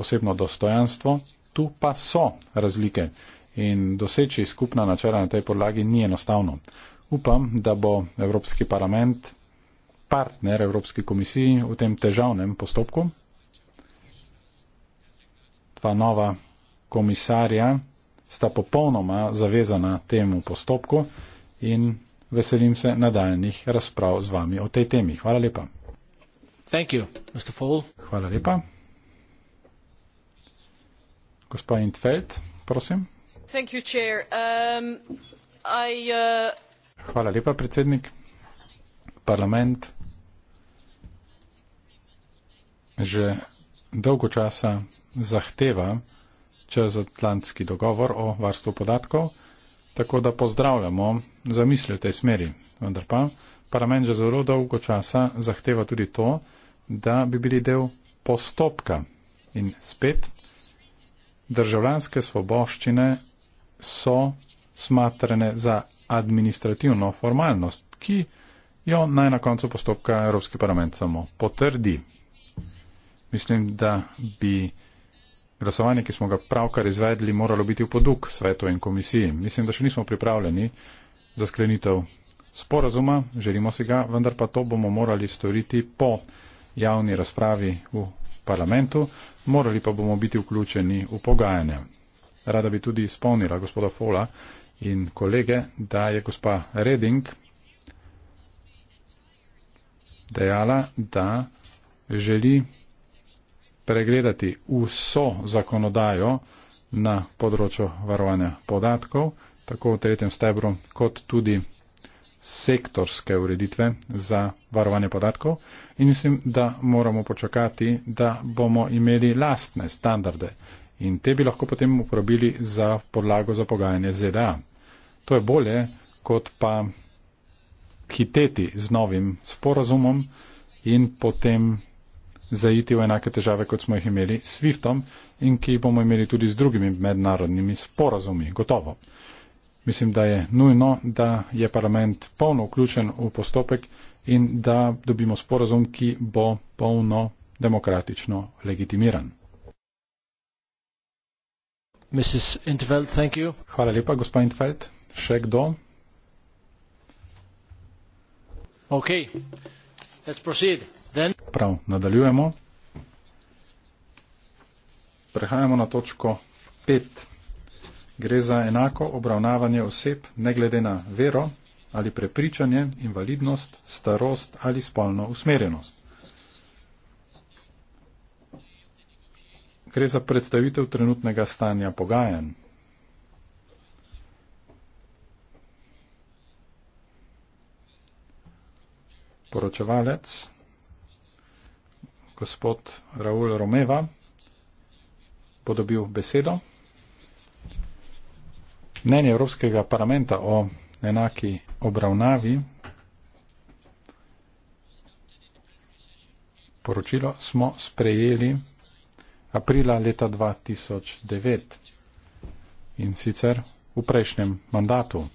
osebno dostojanstvo, tu pa so razlike in doseči skupna načela na tej podlagi ni enostavno. Upam, da bo Evropski parlament partner Evropski komisiji v tem težavnem postopku. Dva nova komisarja sta popolnoma zavezana temu postopku in veselim se nadaljnih razprav z vami o tej temi. Hvala lepa. You, Hvala lepa. Gospa Intfeld, prosim. You, um, I, uh... Hvala lepa, predsednik. Parlament že dolgo časa zahteva, čez Atlantski dogovor o varstvu podatkov, tako da pozdravljamo zamisli v tej smeri. Vendar pa parlament že zelo dolgo časa zahteva tudi to, da bi bili del postopka in spet državljanske svoboščine so smatrene za administrativno formalnost, ki jo naj na koncu postopka Evropski parlament samo potrdi. Mislim, da bi glasovanje, ki smo ga pravkar izvedli, moralo biti v poduk svetu in komisiji. Mislim, da še nismo pripravljeni za sklenitev sporazuma, želimo si ga, vendar pa to bomo morali storiti po javni razpravi v parlamentu, morali pa bomo biti vključeni v pogajanje. Rada bi tudi spomnila gospoda Fola in kolege, da je gospa Reding dejala, da želi pregledati vso zakonodajo na področju varovanja podatkov, tako v tretjem stebru, kot tudi sektorske ureditve za varovanje podatkov. In mislim, da moramo počakati, da bomo imeli lastne standarde in te bi lahko potem uporabili za podlago za pogajanje ZDA. To je bolje, kot pa hiteti z novim sporazumom in potem zaiti v enake težave, kot smo jih imeli s SWIFT-om in ki jih bomo imeli tudi z drugimi mednarodnimi sporazumi. Gotovo. Mislim, da je nujno, da je parlament polno vključen v postopek in da dobimo sporazum, ki bo polno demokratično legitimiran. Mrs. Intveld, thank you. Hvala lepa, gospod Intveld. Še kdo? Okay. Let's proceed. Prav, nadaljujemo. Prehajamo na točko 5. Gre za enako obravnavanje oseb, ne glede na vero ali prepričanje, invalidnost, starost ali spolno usmerjenost. Gre za predstavitev trenutnega stanja pogajanj. Poročevalec gospod Raul Romeva bo dobil besedo. Mnenje Evropskega parlamenta o enaki obravnavi poročilo smo sprejeli aprila leta 2009 in sicer v prejšnjem mandatu.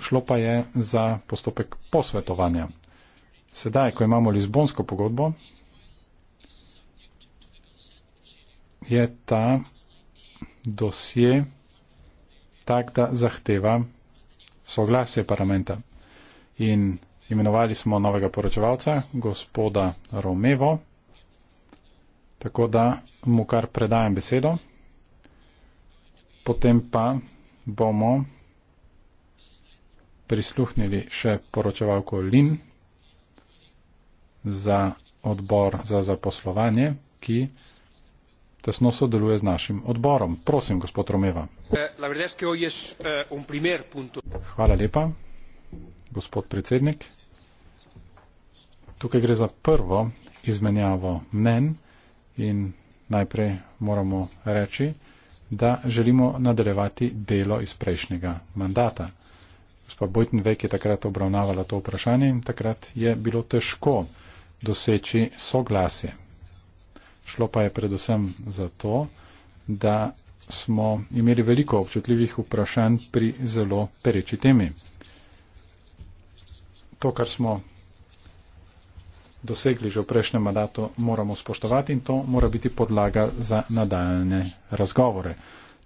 Šlo pa je za postopek posvetovanja. Sedaj, ko imamo Lizbonsko pogodbo, je ta dosje tak, da zahteva soglasje parlamenta. In imenovali smo novega poročevalca, gospoda Romevo, tako da mu kar predajem besedo. Potem pa bomo prisluhnili še poročevalko Lin za odbor za zaposlovanje, ki tesno sodeluje z našim odborom. Prosim, gospod Romeva. Eh, eh, Hvala lepa, gospod predsednik. Tukaj gre za prvo izmenjavo mnen in najprej moramo reči, da želimo nadaljevati delo iz prejšnjega mandata. Gospa Bojtenvek je takrat obravnavala to vprašanje in takrat je bilo težko doseči soglasje. Šlo pa je predvsem za to, da smo imeli veliko občutljivih vprašanj pri zelo pereči temi. To, kar smo dosegli že v prejšnjem mandatu, moramo spoštovati in to mora biti podlaga za nadaljne razgovore.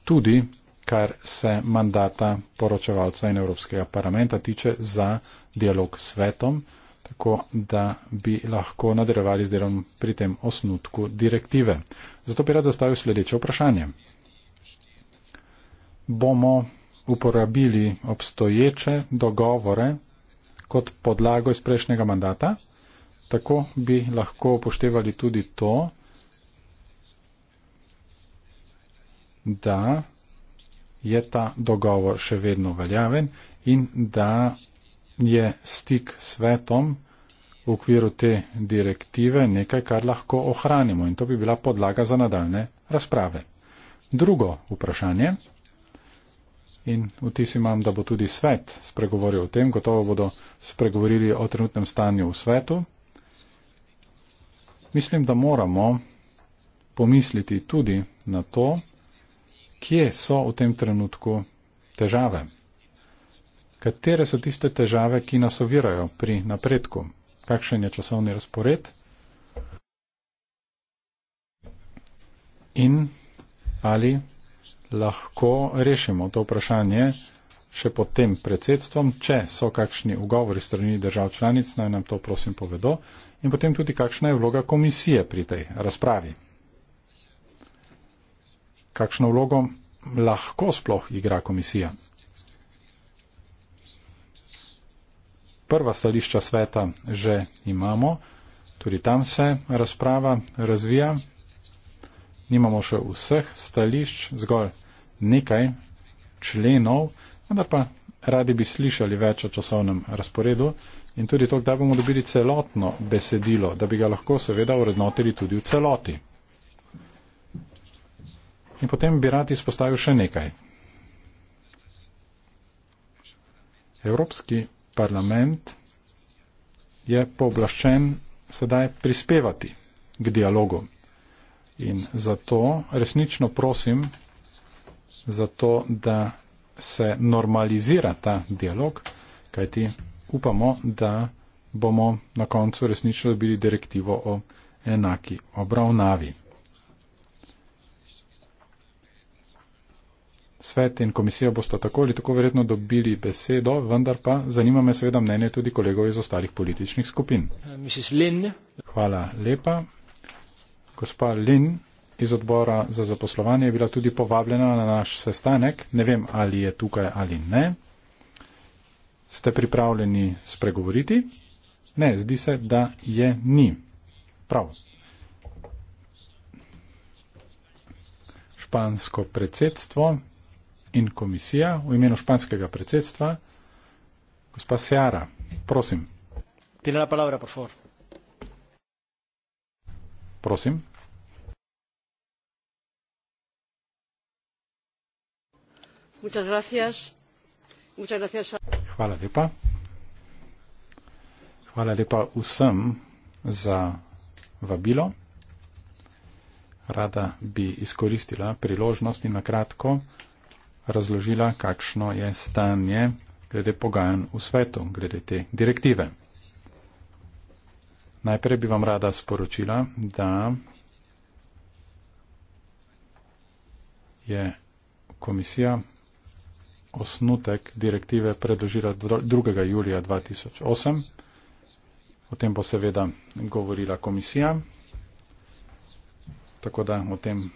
Tudi, kar se mandata poročevalca in Evropskega parlamenta tiče za dialog s svetom, tako da bi lahko nadaljevali z delom pri tem osnutku direktive. Zato bi rad zastavil sledeče vprašanje. Bomo uporabili obstoječe dogovore kot podlago iz prejšnjega mandata? Tako bi lahko upoštevali tudi to, da je ta dogovor še vedno veljaven in da je stik s svetom v okviru te direktive nekaj, kar lahko ohranimo in to bi bila podlaga za nadaljne razprave. Drugo vprašanje in vtis imam, da bo tudi svet spregovoril o tem, gotovo bodo spregovorili o trenutnem stanju v svetu. Mislim, da moramo pomisliti tudi na to, kje so v tem trenutku težave. Katere so tiste težave, ki nas ovirajo pri napredku? Kakšen je časovni razpored? In ali lahko rešimo to vprašanje še pod tem predsedstvom, če so kakšni ugovori strani držav članic, naj nam to prosim povedo. In potem tudi, kakšna je vloga komisije pri tej razpravi. Kakšno vlogo lahko sploh igra komisija? prva stališča sveta že imamo, tudi tam se razprava razvija. Nimamo še vseh stališč, zgolj nekaj členov, vendar pa radi bi slišali več o časovnem razporedu in tudi to, da bomo dobili celotno besedilo, da bi ga lahko seveda urednotili tudi v celoti. In potem bi rad izpostavil še nekaj. Evropski parlament je pooblaščen sedaj prispevati k dialogu. In zato resnično prosim, zato da se normalizira ta dialog, kajti upamo, da bomo na koncu resnično dobili direktivo o enaki obravnavi. svet in komisija bosta tako ali tako verjetno dobili besedo, vendar pa zanima me seveda mnenje tudi kolegov iz ostalih političnih skupin. Hvala lepa. Gospa Lin iz odbora za zaposlovanje je bila tudi povabljena na naš sestanek. Ne vem, ali je tukaj ali ne. Ste pripravljeni spregovoriti? Ne, zdi se, da je ni. Prav. Špansko predsedstvo in komisija v imenu španskega predsedstva. Gospa Seara, prosim. Tiene la palabra, por favor. Prosim. Muchas gracias. Muchas gracias a... Hvala lepa. Hvala lepa vsem za vabilo. Rada bi izkoristila priložnost in na kratko razložila, kakšno je stanje glede pogajanj v svetu, glede te direktive. Najprej bi vam rada sporočila, da je komisija osnutek direktive predložila 2. julija 2008. O tem bo seveda govorila komisija, tako da o tem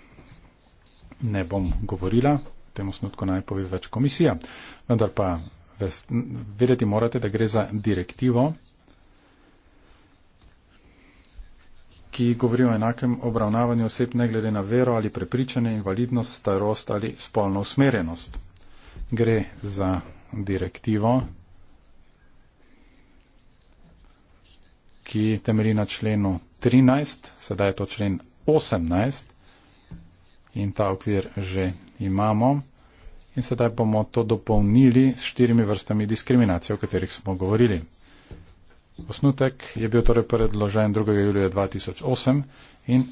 ne bom govorila tem osnutku naj pove več komisija. Vendar pa ves, vedeti morate, da gre za direktivo, ki govori o enakem obravnavanju oseb ne glede na vero ali prepričanje, invalidnost, starost ali spolno usmerjenost. Gre za direktivo, ki temelji na členu 13, sedaj je to člen 18 in ta okvir že imamo in sedaj bomo to dopolnili s štirimi vrstami diskriminacije, o katerih smo govorili. Osnutek je bil torej predložen 2. julija 2008 in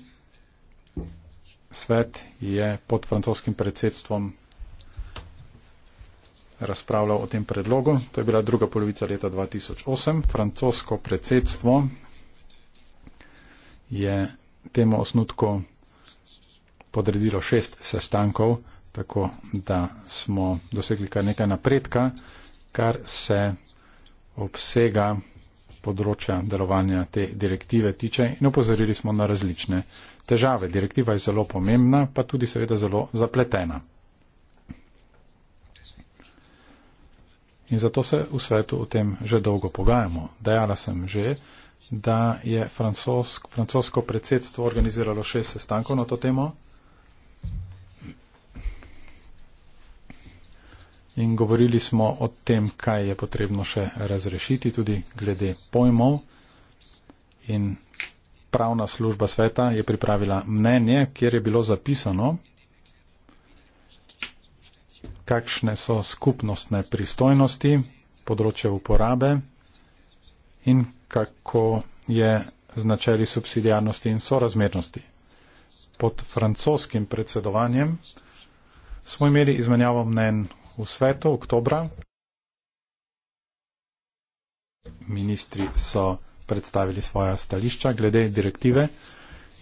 svet je pod francoskim predsedstvom razpravljal o tem predlogu. To je bila druga polovica leta 2008. Francosko predsedstvo je temu osnutku podredilo šest sestankov tako da smo dosegli kar nekaj napredka, kar se obsega področja delovanja te direktive tiče in opozorili smo na različne težave. Direktiva je zelo pomembna, pa tudi seveda zelo zapletena. In zato se v svetu o tem že dolgo pogajamo. Dejala sem že, da je francosk, francosko predsedstvo organiziralo šest sestankov na to temo. in govorili smo o tem, kaj je potrebno še razrešiti, tudi glede pojmov. In pravna služba sveta je pripravila mnenje, kjer je bilo zapisano, kakšne so skupnostne pristojnosti, področje uporabe in kako je z načeli subsidijarnosti in sorazmernosti. Pod francoskim predsedovanjem smo imeli izmenjavo mnen v svetu oktobra. Ministri so predstavili svoja stališča glede direktive,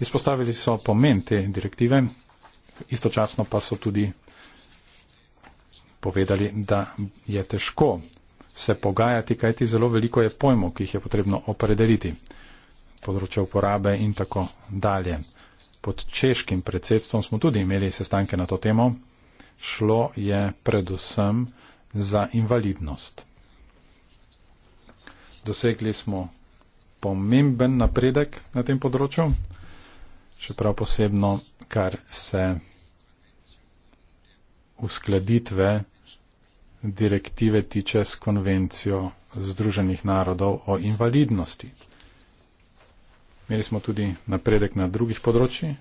izpostavili so pomen te direktive, istočasno pa so tudi povedali, da je težko se pogajati, kajti zelo veliko je pojmov, ki jih je potrebno opredeliti, področje uporabe in tako dalje. Pod češkim predsedstvom smo tudi imeli sestanke na to temo, šlo je predvsem za invalidnost. Dosegli smo pomemben napredek na tem področju, še prav posebno, kar se uskladitve direktive tiče s konvencijo Združenih narodov o invalidnosti. Imeli smo tudi napredek na drugih področjih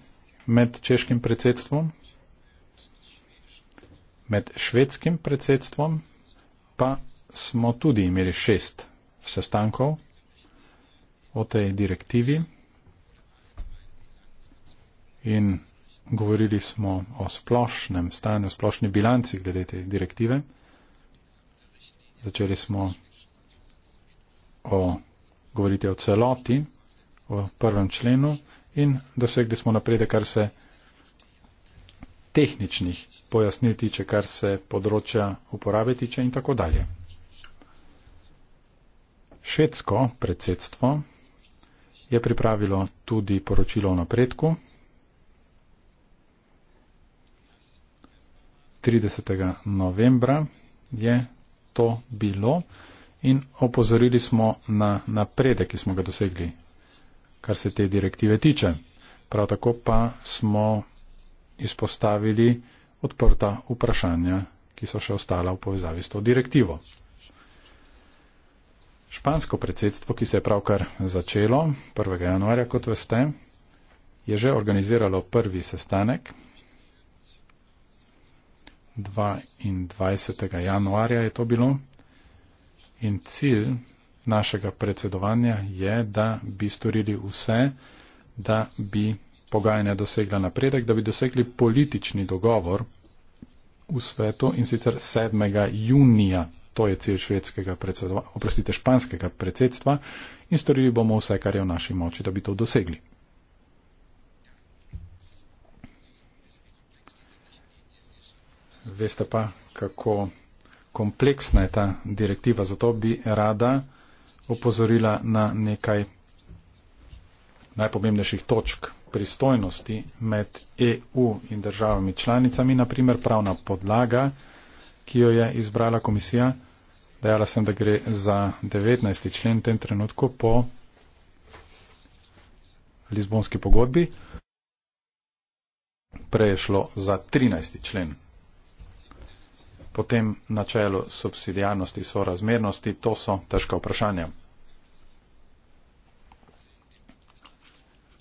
med češkim predsedstvom, Med švedskim predsedstvom pa smo tudi imeli šest sestankov o tej direktivi in govorili smo o splošnem stanju, splošni bilanci glede te direktive. Začeli smo o, govoriti o celoti, o prvem členu in dosegli smo napredek, kar se tehničnih pojasnil tiče, kar se področja uporabe tiče in tako dalje. Švedsko predsedstvo je pripravilo tudi poročilo o napredku 30. novembra je to bilo in opozorili smo na napredek, ki smo ga dosegli, kar se te direktive tiče. Prav tako pa smo izpostavili odprta vprašanja, ki so še ostala v povezavi s to direktivo. Špansko predsedstvo, ki se je pravkar začelo 1. januarja, kot veste, je že organiziralo prvi sestanek. 22. januarja je to bilo in cilj našega predsedovanja je, da bi storili vse, da bi pogajanja dosegla napredek, da bi dosegli politični dogovor v svetu in sicer 7. junija, to je cilj švedskega predsedstva, oprostite, španskega predsedstva in storili bomo vse, kar je v naši moči, da bi to dosegli. Veste pa, kako kompleksna je ta direktiva, zato bi rada opozorila na nekaj najpomembnejših točk pristojnosti med EU in državami članicami, naprimer pravna podlaga, ki jo je izbrala komisija. Dejala sem, da gre za 19. člen v tem trenutku po Lizbonski pogodbi. Prej je šlo za 13. člen. Potem načelo subsidijarnosti, sorazmernosti, to so težka vprašanja.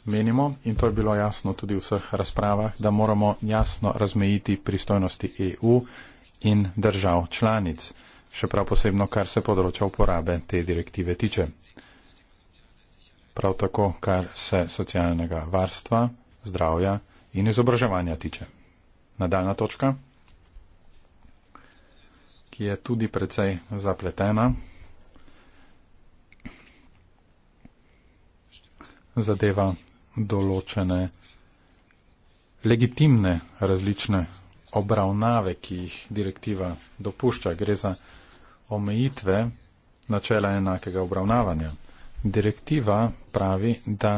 Menimo, in to je bilo jasno tudi v vseh razpravah, da moramo jasno razmejiti pristojnosti EU in držav članic, še prav posebno, kar se področja uporabe te direktive tiče. Prav tako, kar se socialnega varstva, zdravja in izobraževanja tiče. Nadaljna točka, ki je tudi precej zapletena, zadeva določene legitimne različne obravnave, ki jih direktiva dopušča. Gre za omejitve načela enakega obravnavanja. Direktiva pravi, da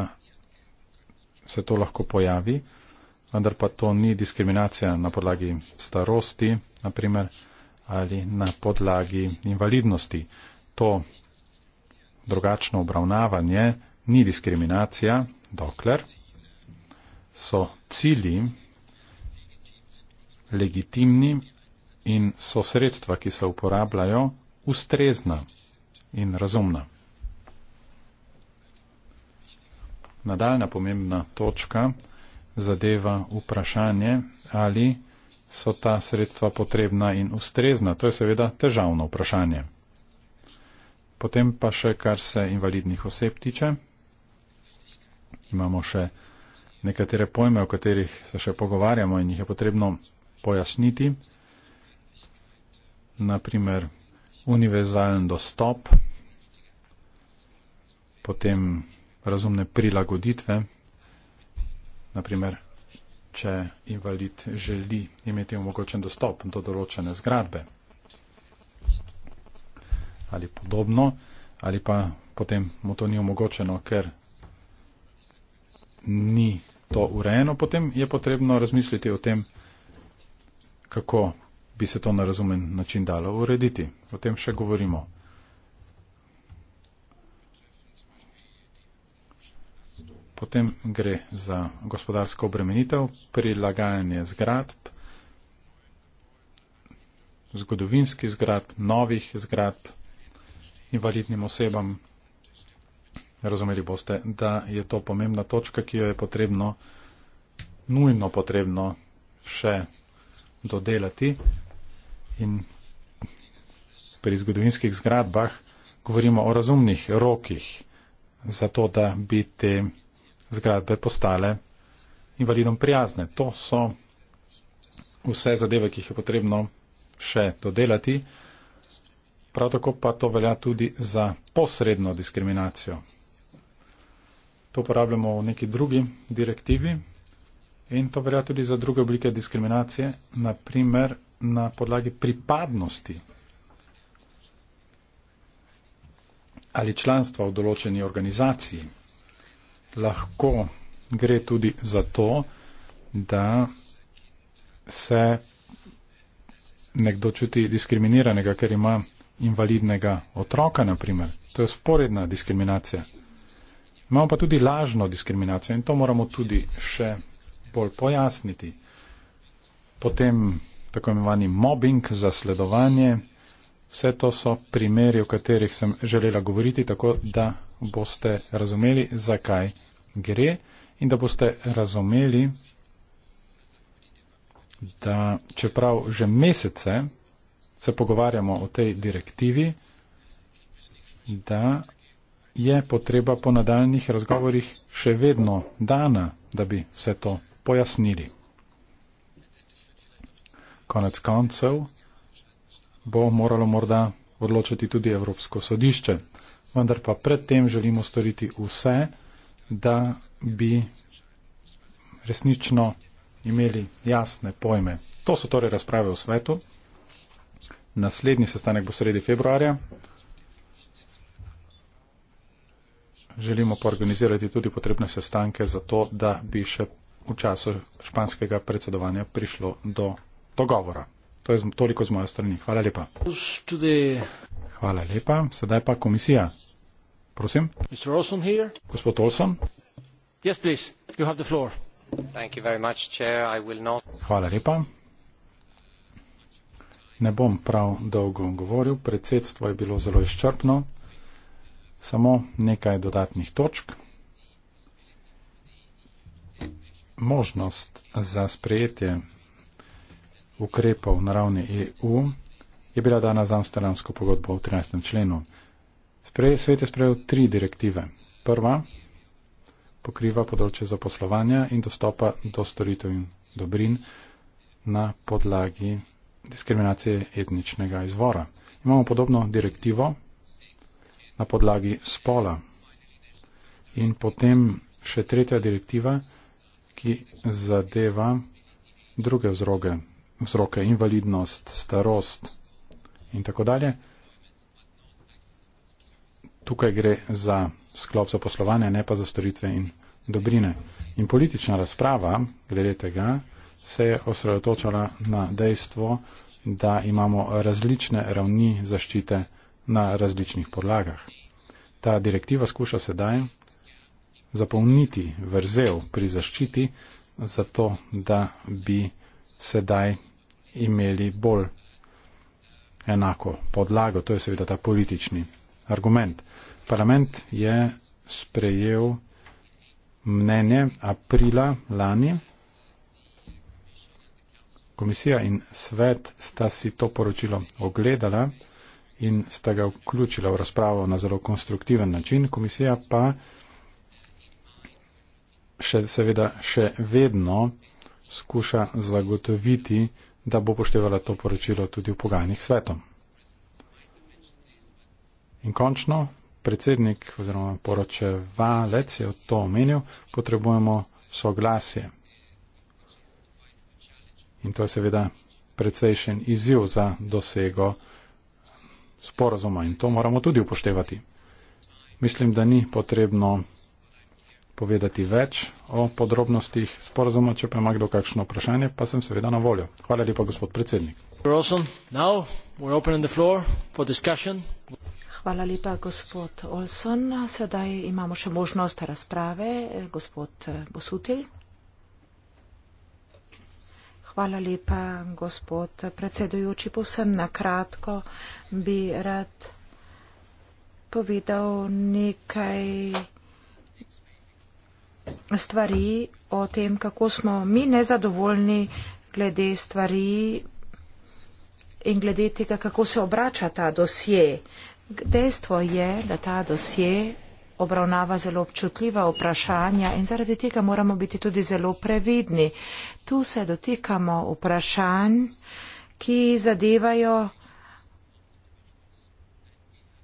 se to lahko pojavi, vendar pa to ni diskriminacija na podlagi starosti, naprimer, ali na podlagi invalidnosti. To drugačno obravnavanje ni diskriminacija, dokler so cilji legitimni in so sredstva, ki se uporabljajo, ustrezna in razumna. Nadaljna pomembna točka zadeva vprašanje, ali so ta sredstva potrebna in ustrezna. To je seveda težavno vprašanje. Potem pa še, kar se invalidnih oseb tiče, imamo še nekatere pojme, o katerih se še pogovarjamo in jih je potrebno pojasniti. Naprimer, univerzalen dostop, potem razumne prilagoditve. Naprimer, če invalid želi imeti omogočen dostop do določene zgradbe ali podobno, ali pa potem mu to ni omogočeno, ker ni to urejeno, potem je potrebno razmisliti o tem, kako bi se to na razumen način dalo urediti. O tem še govorimo. Potem gre za gospodarsko obremenitev, prilagajanje zgradb, zgodovinski zgradb, novih zgradb, invalidnim osebam, razumeli boste, da je to pomembna točka, ki jo je potrebno, nujno potrebno še dodelati. In pri zgodovinskih zgradbah govorimo o razumnih rokih za to, da bi te zgradbe postale invalidom prijazne. To so vse zadeve, ki jih je potrebno še dodelati. Prav tako pa to velja tudi za posredno diskriminacijo to uporabljamo v neki drugi direktivi in to velja tudi za druge oblike diskriminacije, naprimer na podlagi pripadnosti ali članstva v določeni organizaciji. Lahko gre tudi za to, da se nekdo čuti diskriminiranega, ker ima invalidnega otroka, naprimer. To je sporedna diskriminacija. Imamo pa tudi lažno diskriminacijo in to moramo tudi še bolj pojasniti. Potem tako imenovani mobbing, zasledovanje, vse to so primeri, o katerih sem želela govoriti, tako da boste razumeli, zakaj gre in da boste razumeli, da čeprav že mesece se pogovarjamo o tej direktivi, da je potreba po nadaljnih razgovorih še vedno dana, da bi vse to pojasnili. Konec koncev bo moralo morda odločiti tudi Evropsko sodišče, vendar pa predtem želimo storiti vse, da bi resnično imeli jasne pojme. To so torej razprave v svetu. Naslednji sestanek bo sredi februarja. želimo pa organizirati tudi potrebne sestanke za to, da bi še v času španskega predsedovanja prišlo do dogovora. To je toliko z moje strani. Hvala lepa. Hvala lepa. Sedaj pa komisija. Prosim. Olson Gospod Olson. Yes, much, not... Hvala lepa. Ne bom prav dolgo govoril. Predsedstvo je bilo zelo izčrpno. Samo nekaj dodatnih točk. Možnost za sprejetje ukrepov na ravni EU je bila dana z Amsterdamsko pogodbo v 13. členu. Sprej, svet je sprejel tri direktive. Prva pokriva področje zaposlovanja in dostopa do storitev in dobrin na podlagi diskriminacije etničnega izvora. Imamo podobno direktivo, na podlagi spola. In potem še tretja direktiva, ki zadeva druge vzroke, vzroke invalidnost, starost in tako dalje. Tukaj gre za sklop za poslovanje, ne pa za storitve in dobrine. In politična razprava glede tega se je osredotočala na dejstvo, da imamo različne ravni zaščite na različnih podlagah. Ta direktiva skuša sedaj zapolniti vrzel pri zaščiti, zato da bi sedaj imeli bolj enako podlago. To je seveda ta politični argument. Parlament je sprejel mnenje aprila lani. Komisija in svet sta si to poročilo ogledala in sta ga vključila v razpravo na zelo konstruktiven način. Komisija pa še, seveda še vedno skuša zagotoviti, da bo poštevala to poročilo tudi v pogajnih svetom. In končno, predsednik oziroma poročevalec je to omenil, potrebujemo soglasje. In to je seveda precejšen izziv za dosego sporazuma in to moramo tudi upoštevati. Mislim, da ni potrebno povedati več o podrobnostih sporazuma, če pa ima kdo kakšno vprašanje, pa sem seveda na voljo. Hvala lepa, gospod predsednik. Hvala lepa, gospod Olson. Sedaj imamo še možnost razprave. Gospod Bosutil, Hvala lepa, gospod predsedujoči. Povsem na kratko bi rad povedal nekaj stvari o tem, kako smo mi nezadovoljni glede stvari in glede tega, kako se obrača ta dosje. Dejstvo je, da ta dosje obravnava zelo občutljiva vprašanja in zaradi tega moramo biti tudi zelo previdni tu se dotikamo vprašanj, ki zadevajo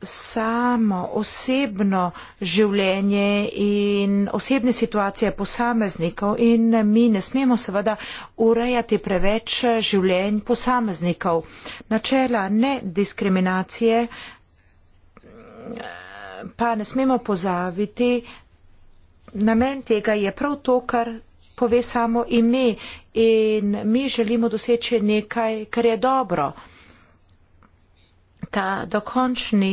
samo osebno življenje in osebne situacije posameznikov in mi ne smemo seveda urejati preveč življenj posameznikov. Načela ne diskriminacije pa ne smemo pozaviti, namen tega je prav to, kar pove samo ime in mi želimo doseči nekaj, kar je dobro. Ta dokončni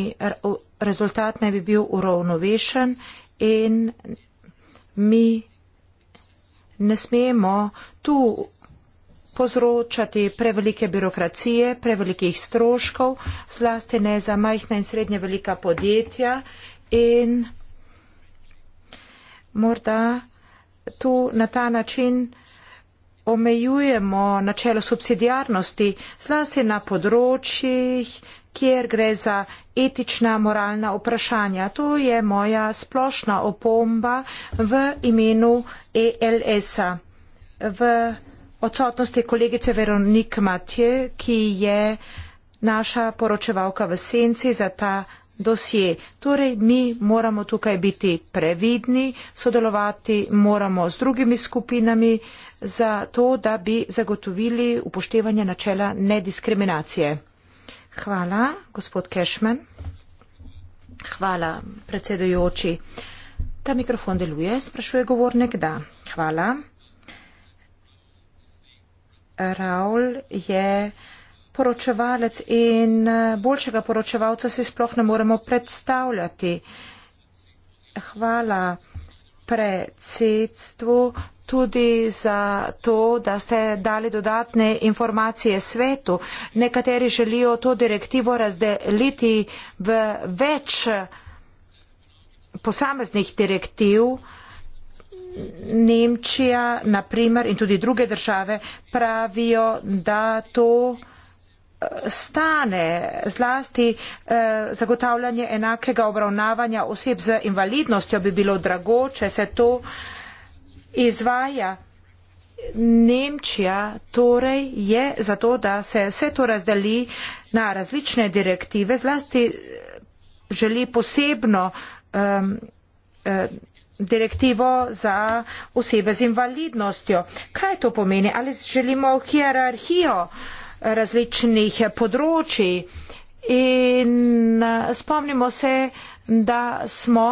rezultat naj bi bil uravnovešen in mi ne smemo tu povzročati prevelike birokracije, prevelikih stroškov, zlasti ne za majhna in srednja velika podjetja in morda tu na ta način omejujemo načelo subsidijarnosti, zlasti na področjih, kjer gre za etična, moralna vprašanja. To je moja splošna opomba v imenu ELS-a. V odsotnosti kolegice Veronike Matje, ki je naša poročevalka v senci za ta področje, dosje. Torej, mi moramo tukaj biti previdni, sodelovati moramo z drugimi skupinami za to, da bi zagotovili upoštevanje načela nediskriminacije. Hvala, gospod Kešmen. Hvala, predsedujoči. Ta mikrofon deluje, sprašuje govornik, da. Hvala. Raul je poročevalec in eh, boljšega poročevalca si sploh ne moremo predstavljati. Hvala predsedstvu tudi za to, da ste dali dodatne informacije svetu. Nekateri želijo to direktivo razdeliti v več posameznih direktiv. Nemčija, na primer, in tudi druge države pravijo, da to stane zlasti eh, zagotavljanje enakega obravnavanja oseb z invalidnostjo bi bilo drago, če se to izvaja. Nemčija torej je zato, da se vse to razdali na različne direktive, zlasti eh, želi posebno um, direktivo za osebe z invalidnostjo. Kaj to pomeni? Ali želimo hierarhijo? Uh, različnih področji. In eh, spomnimo se, da smo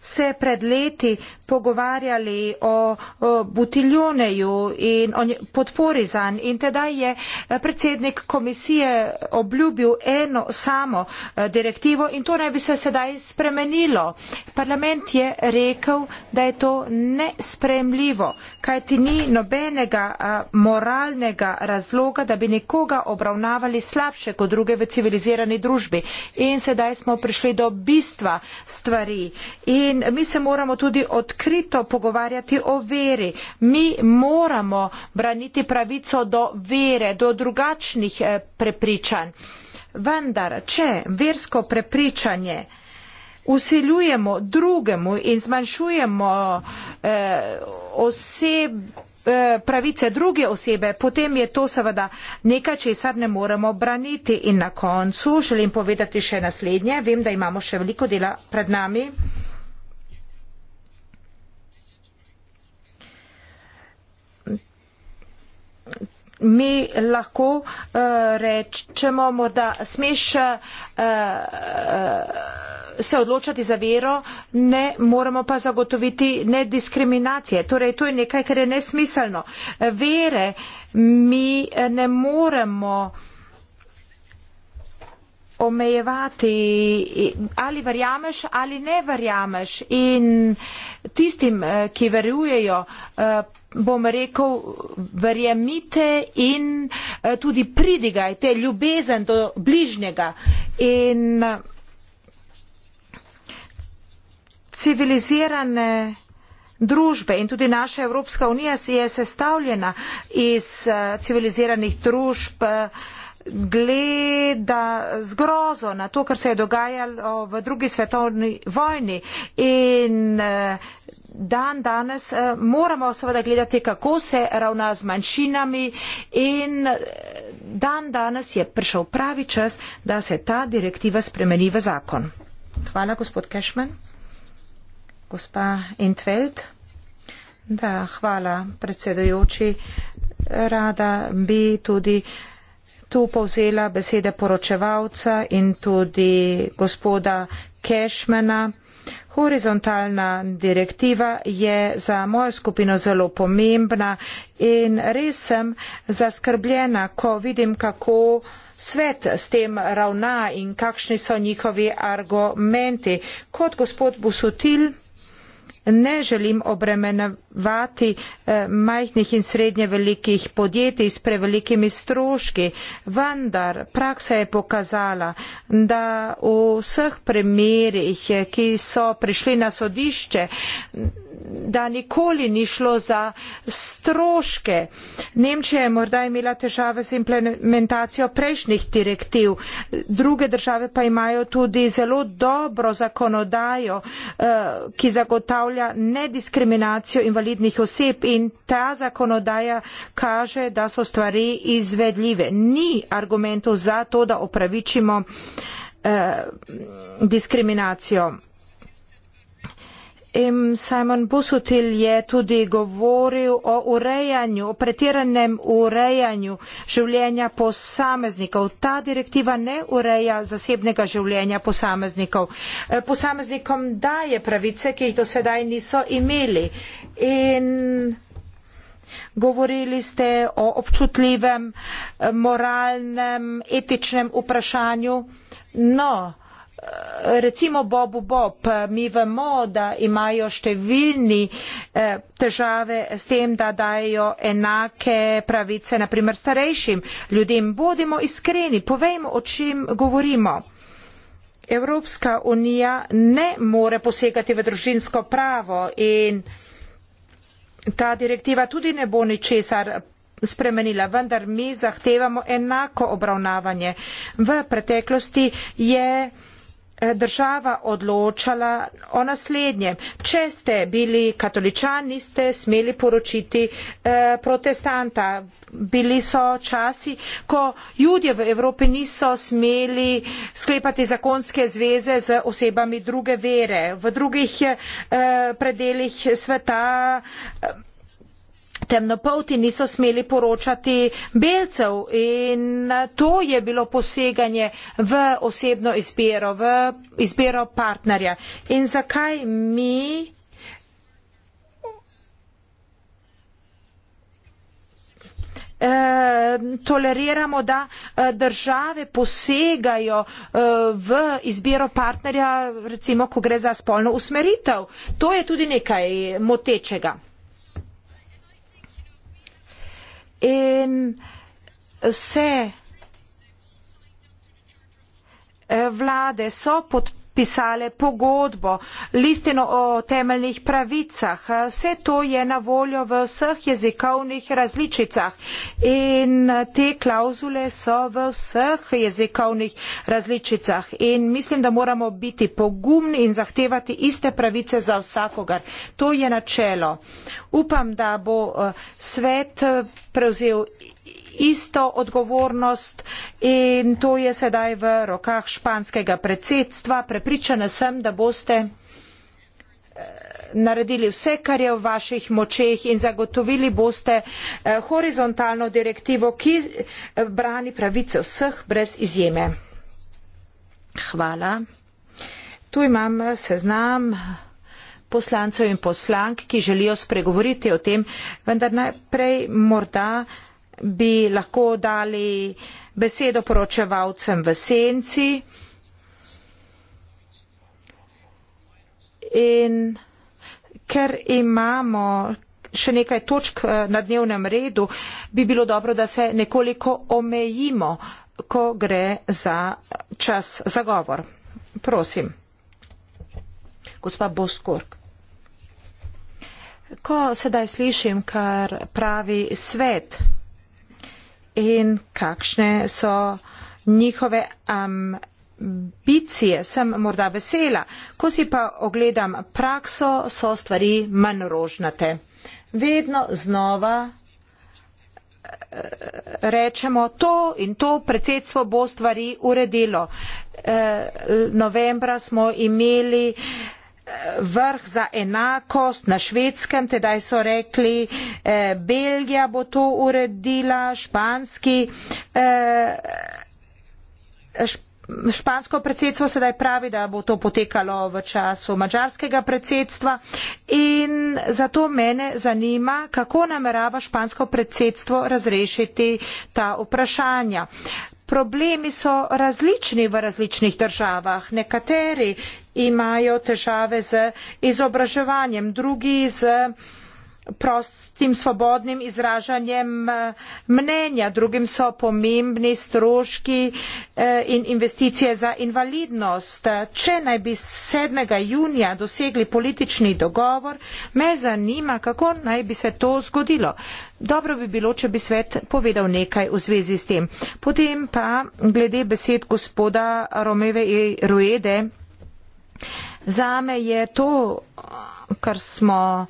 se pred leti pogovarjali o, o butiljoneju in o podpori zanj in teda je eh, predsednik komisije obljubil eno samo eh, direktivo in to naj bi se sedaj spremenilo. Parlament je rekel, da je to nespremljivo, kajti ni nobenega a, eh, moralnega razloga, da bi nekoga obravnavali slabše kot druge v civilizirani družbi. In sedaj smo prišli do bistva stvari. In mi se moramo tudi odkriti, odkrito pogovarjati o veri. Mi moramo braniti pravico do vere, do drugačnih eh, prepričanj. Vendar, če versko prepričanje usiljujemo drugemu in zmanjšujemo eh, oseb, eh, pravice druge osebe, potem je to seveda nekaj, česar ne moremo braniti. In na koncu želim povedati še naslednje. Vem, da imamo še veliko dela pred nami. Eh, mi lahko uh, rečemo, morda smeš uh, se odločati za vero, ne moramo pa zagotoviti nediskriminacije. Torej, to je nekaj, kar je nesmiselno. Vere mi ne moremo omejevati ali verjameš ali ne verjameš in tistim, ki verujejo, bom rekel, verjemite in eh, tudi pridigajte ljubezen do bližnjega. In eh, civilizirane družbe in tudi naša Evropska unija si je sestavljena iz eh, civiliziranih družb, gleda zgrozo na to, kar se je dogajalo v drugi svetovni vojni. In eh, dan danes eh, moramo seveda gledati, kako se ravna z manjšinami. In eh, dan danes je prišel pravi čas, da se ta direktiva spremeni v zakon. Hvala, gospod Kešmen. Gospa Entfeld. Da, hvala, predsedujoči. Rada bi tudi uh, tu povzela besede poročevalca in tudi gospoda Kešmena. Horizontalna direktiva je za mojo skupino zelo pomembna in res sem zaskrbljena, ko vidim, kako svet s tem ravna in kakšni so njihovi argumenti. Kot gospod Busutil ne želim obremenovati eh, majhnih in srednje velikih podjetij s prevelikimi stroški, vendar praksa je pokazala, da v vseh primerih, eh, ki so prišli na sodišče, da nikoli ni šlo za stroške. Nemčija je morda imela težave z implementacijo prejšnjih direktiv, druge države pa imajo tudi zelo dobro zakonodajo, eh, ki zagotavlja nediskriminacijo invalidnih oseb in ta zakonodaja kaže, da so stvari izvedljive. Ni argumentov za to, da opravičimo eh, diskriminacijo in Simon Busutil je tudi govoril o urejanju, o pretiranem urejanju življenja posameznikov. Ta direktiva ne ureja zasebnega življenja posameznikov. E, posameznikom daje pravice, ki jih do sedaj niso imeli. In Govorili ste o občutljivem, e, moralnem, etičnem vprašanju. No, recimo Bobu Bob, mi vemo, da imajo številni eh, težave s tem, da dajo enake pravice, naprimer starejšim ljudem. Bodimo iskreni, povejmo, o čem govorimo. Evropska unija ne more posegati v družinsko pravo in ta direktiva tudi ne bo ničesar spremenila, vendar mi zahtevamo enako obravnavanje. V preteklosti je Eh, država odločala o naslednjem. Če ste bili katoličan, niste smeli poročiti eh, protestanta. Bili so časi, ko ljudje v Evropi niso smeli sklepati zakonske zveze z osebami druge vere. V drugih eh, predeljih sveta. Eh, temnopolti niso smeli poročati belcev in to je bilo poseganje v osebno izbiro, v izbiro partnerja. In zakaj mi eh, toleriramo, da eh, države posegajo eh, v izbiro partnerja, recimo, ko gre za spolno usmeritev. To je tudi nekaj motečega. in vse eh, vlade so podprli podpisale pogodbo, listino o temeljnih pravicah. Vse to je na voljo v vseh jezikovnih različicah in te klauzule so v vseh jezikovnih različicah. In mislim, da moramo biti pogumni in zahtevati iste pravice za vsakogar. To je načelo. Upam, da bo eh, svet eh, prevzel isto odgovornost in to je sedaj v rokah španskega predsedstva. Prepričana sem, da boste eh, naredili vse, kar je v vaših močeh in zagotovili boste eh, horizontalno direktivo, ki eh, brani pravice vseh brez izjeme. Hvala. Tu imam seznam poslancev in poslank, ki želijo spregovoriti o tem, vendar najprej morda bi lahko dali besedo poročevalcem v senci in ker imamo še nekaj točk eh, na dnevnem redu, bi bilo dobro, da se nekoliko omejimo, ko gre za čas za govor. Prosim. Gospa Boskork. Ko sedaj slišim, kar pravi svet, in kakšne so njihove ambicije. Sem morda vesela, ko si pa ogledam prakso, so stvari manj rožnate. Vedno znova eh, rečemo to in to predsedstvo bo stvari uredilo. Eh, novembra smo imeli vrh za enakost na švedskem, tedaj so rekli, eh, Belgija bo to uredila, španski, eh, špansko predsedstvo sedaj pravi, da bo to potekalo v času mađarskega predsedstva in zato mene zanima, kako namerava špansko predsedstvo razrešiti ta vprašanja. Problemi so različni v različnih državah. Nekateri imajo težave z izobraževanjem, drugi z prostim svobodnim izražanjem eh, mnenja, drugim so pomembni stroški eh, in investicije za invalidnost. Če naj bi 7. junija dosegli politični dogovor, me zanima, kako naj bi se to zgodilo. Dobro bi bilo, če bi svet povedal nekaj v zvezi s tem. Potem pa glede besed gospoda Romeve Ruede, Zame je to, kar smo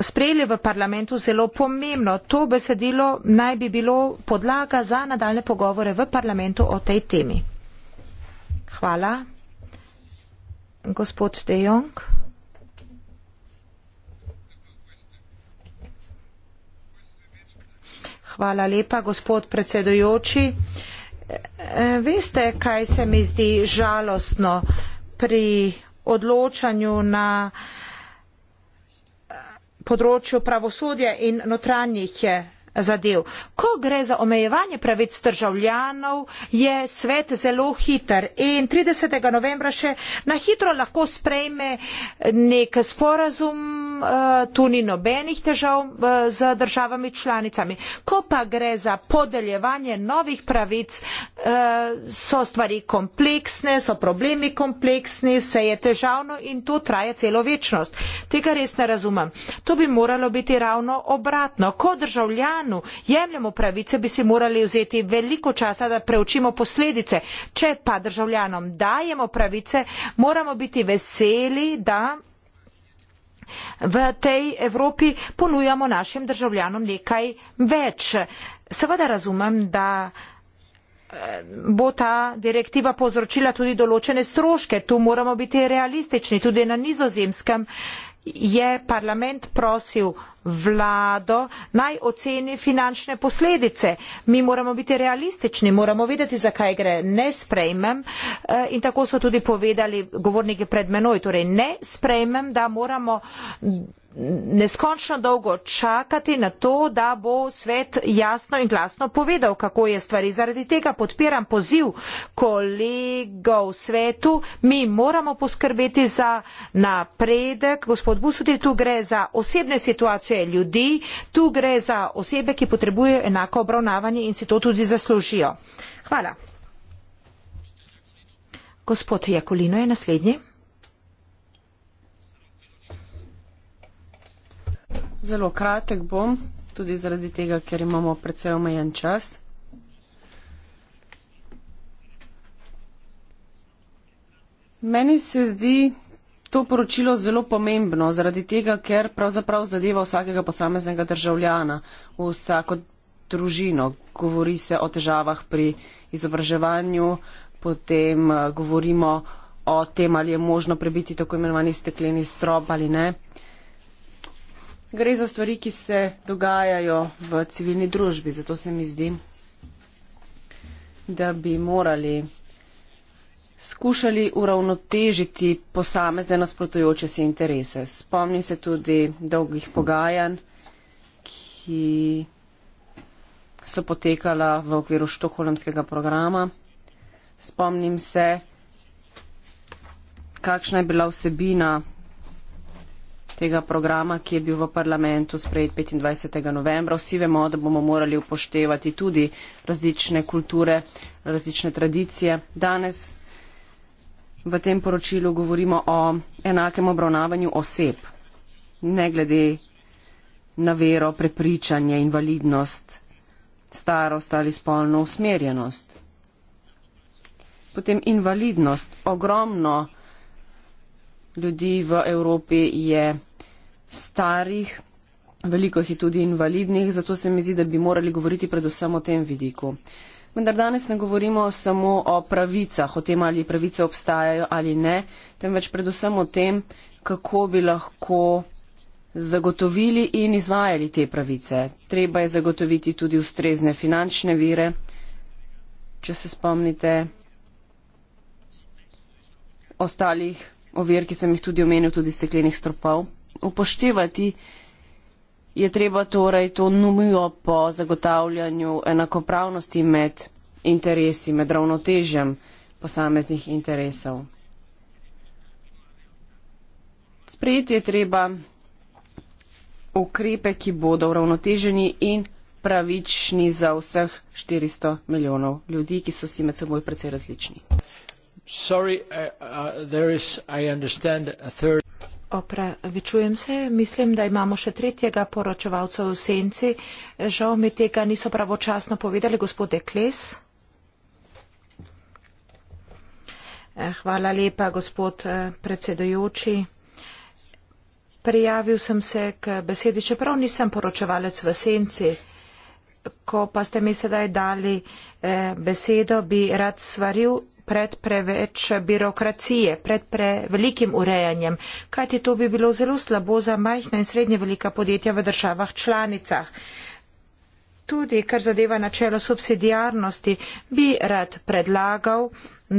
sprejeli v parlamentu, zelo pomembno. To besedilo naj bi bilo podlaga za nadaljne pogovore v parlamentu o tej temi. Hvala. Gospod De Jong. Hvala lepa, gospod predsedujoči. Eh, veste, kaj se mi zdi žalostno pri odločanju na eh, področju pravosodja in notranjih zadev. Ko gre za omejevanje pravic državljanov, je svet zelo hiter in 30. novembra še na hitro lahko sprejme nek sporazum, eh, tu ni nobenih težav eh, z državami članicami. Ko pa gre za podeljevanje novih pravic, eh, so stvari kompleksne, so problemi kompleksni, vse je težavno in to traja celo večnost. Tega res ne razumem. To bi moralo biti ravno obratno. Ko državljani stanu jemljemo pravice bi si morali vzeti veliko časa da preučimo posledice če pa državljanom dajemo pravice moramo biti veseli da v tej evropi ponujamo našim državljanom nekaj več seveda razumem da eh, bo ta direktiva povzročila tudi določene stroške. Tu moramo biti realistični. Tudi na nizozemskem je parlament prosil vlado naj oceni finančne posledice. Mi moramo biti realistični, moramo vedeti, zakaj gre. Ne sprejmem eh, in tako so tudi povedali govorniki pred menoj. Torej ne sprejmem, da moramo neskončno dolgo čakati na to, da bo svet jasno in glasno povedal, kako je stvari. Zaradi tega podpiram poziv kolegov svetu. Mi moramo poskrbeti za napredek. Gospod Busudil, tu gre za osebne situacije pravice ljudi. Tu gre za osebe, ki potrebujejo enako obravnavanje in si to tudi zaslužijo. Hvala. Gospod Jakolino je naslednji. Zelo kratek bom, tudi zaradi tega, ker imamo predvsej omejen čas. Meni se zdi, to poročilo zelo pomembno, zaradi tega, ker pravzaprav zadeva vsakega posameznega državljana, vsako družino. Govori se o težavah pri izobraževanju, potem eh, govorimo o tem, ali je možno prebiti tako imenovani stekleni strop ali ne. Gre za stvari, ki se dogajajo v civilni družbi, zato se mi zdi, da bi morali skušali uravnotežiti posamezne nasprotujoče si interese. Spomnim se tudi dolgih pogajanj, ki so potekala v okviru štokholmskega programa. Spomnim se, kakšna je bila vsebina tega programa, ki je bil v parlamentu sprejet 25. novembra. Vsi vemo, da bomo morali upoštevati tudi različne kulture, različne tradicije. Danes v tem poročilu govorimo o enakem obravnavanju oseb, ne glede na vero, prepričanje, invalidnost, starost ali spolno usmerjenost. Potem invalidnost. Ogromno ljudi v Evropi je starih, veliko jih je tudi invalidnih, zato se mi zdi, da bi morali govoriti predvsem o tem vidiku. Vendar danes ne govorimo samo o pravicah, o tem, ali pravice obstajajo ali ne, temveč predvsem o tem, kako bi lahko zagotovili in izvajali te pravice. Treba je zagotoviti tudi ustrezne finančne vire. Če se spomnite ostalih ovir, ki sem jih tudi omenil, tudi steklenih stropov, upoštevati je treba torej to numijo po zagotavljanju enakopravnosti med interesi, med ravnotežjem posameznih interesov. Sprejeti je treba ukrepe, ki bodo uravnoteženi in pravični za vseh 400 milijonov ljudi, ki so si med seboj precej različni. Sorry, uh, uh, Opravičujem se, mislim, da imamo še tretjega poročevalca v senci. Žal mi tega niso pravočasno povedali, gospod Dekles. Eh, hvala lepa, gospod eh, predsedojoči. Prijavil sem se k besedi, čeprav nisem poročevalec v senci. Ko pa ste mi sedaj dali eh, besedo, bi rad svaril pred preveč birokracije, pred prevelikim urejanjem, kajti to bi bilo zelo slabo za majhna in srednje velika podjetja v državah članicah. Tudi, kar zadeva načelo subsidijarnosti, bi rad predlagal,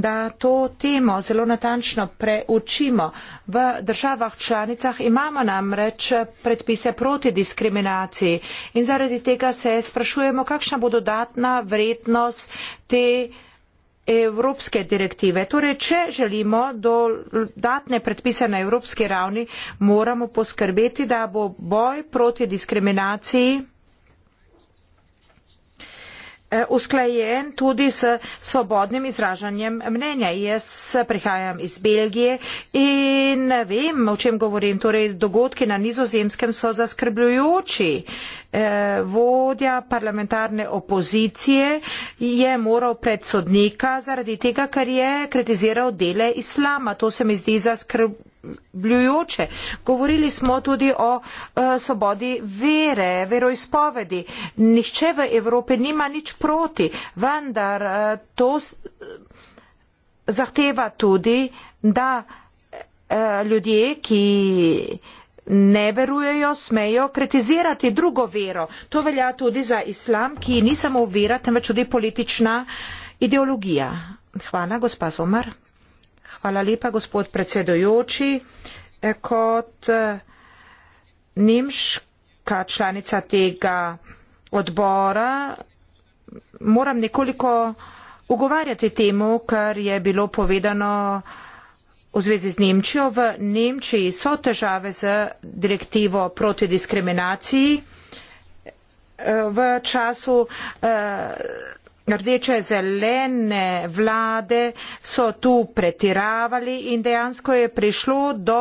da to temo zelo natančno preučimo. V državah članicah imamo namreč predpise proti diskriminaciji in zaradi tega se sprašujemo, kakšna bo dodatna vrednost te diskriminacije evropske direktive. Torej, če želimo dodatne predpise na evropski ravni, moramo poskrbeti, da bo boj proti diskriminaciji Eh, usklajen tudi s svobodnim izražanjem mnenja. Jaz prihajam iz Belgije in vem, o čem govorim. Torej, dogodki na nizozemskem so zaskrbljujoči. Eh, vodja parlamentarne opozicije je moral pred sodnika zaradi tega, ker je kritiziral dele islama. To se mi zdi zaskrbljujoče bljujoče. Govorili smo tudi o uh, svobodi vere, veroizpovedi. Nihče v Evropi nima nič proti, vendar uh, to s, uh, zahteva tudi, da uh, ljudje, ki ne verujejo, smejo kritizirati drugo vero. To velja tudi za islam, ki ni samo vera, temveč tudi politična ideologija. Hvala, gospa Somar. Hvala lepa, gospod predsedojoči. E, kot e, nemška članica tega odbora moram nekoliko ugovarjati temu, kar je bilo povedano v zvezi z Nemčijo. V Nemčiji so težave z direktivo proti diskriminaciji. E, v času rdeče zelene vlade so tu pretiravali in dejansko je prišlo do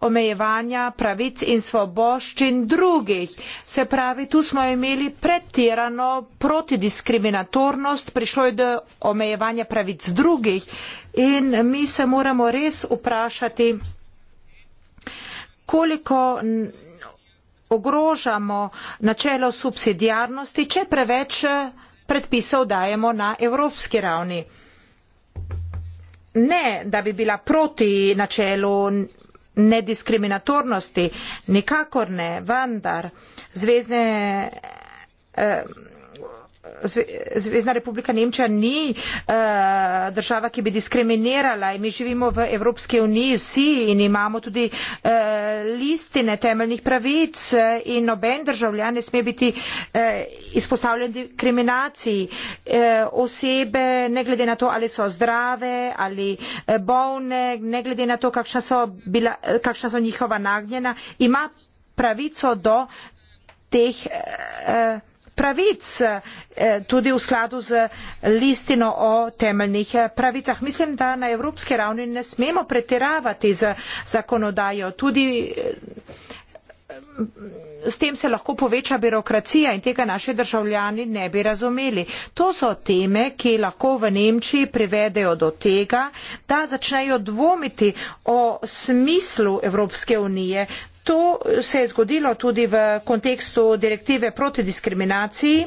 omejevanja pravic in svoboščin drugih. Se pravi, tu smo imeli pretirano protidiskriminatornost, prišlo je do omejevanja pravic drugih in mi se moramo res vprašati, koliko ogrožamo načelo subsidijarnosti, če preveč predpisov dajemo na evropski ravni. Ne, da bi bila proti načelu nediskriminatornosti, nikakor ne, vendar zvezne. Eh, Zvezdna republika Nemčija ni uh, država, ki bi diskriminirala in mi živimo v Evropski uniji vsi in imamo tudi uh, listine temeljnih pravic eh, in noben državljan ne sme biti uh, izpostavljen diskriminaciji. Uh, osebe, ne glede na to, ali so zdrave ali bolne, ne glede na to, kakšna so, bila, kakšna so njihova nagnjena, ima pravico do teh. Uh, pravic, eh, tudi v skladu z listino o temeljnih eh, pravicah. Mislim, da na evropske ravni ne smemo pretiravati z zakonodajo. Tudi eh, s tem se lahko poveča birokracija in tega naše državljani ne bi razumeli. To so teme, ki lahko v Nemčiji privedejo do tega, da začnejo dvomiti o smislu Evropske unije, To se je zgodilo tudi v kontekstu direktive proti diskriminaciji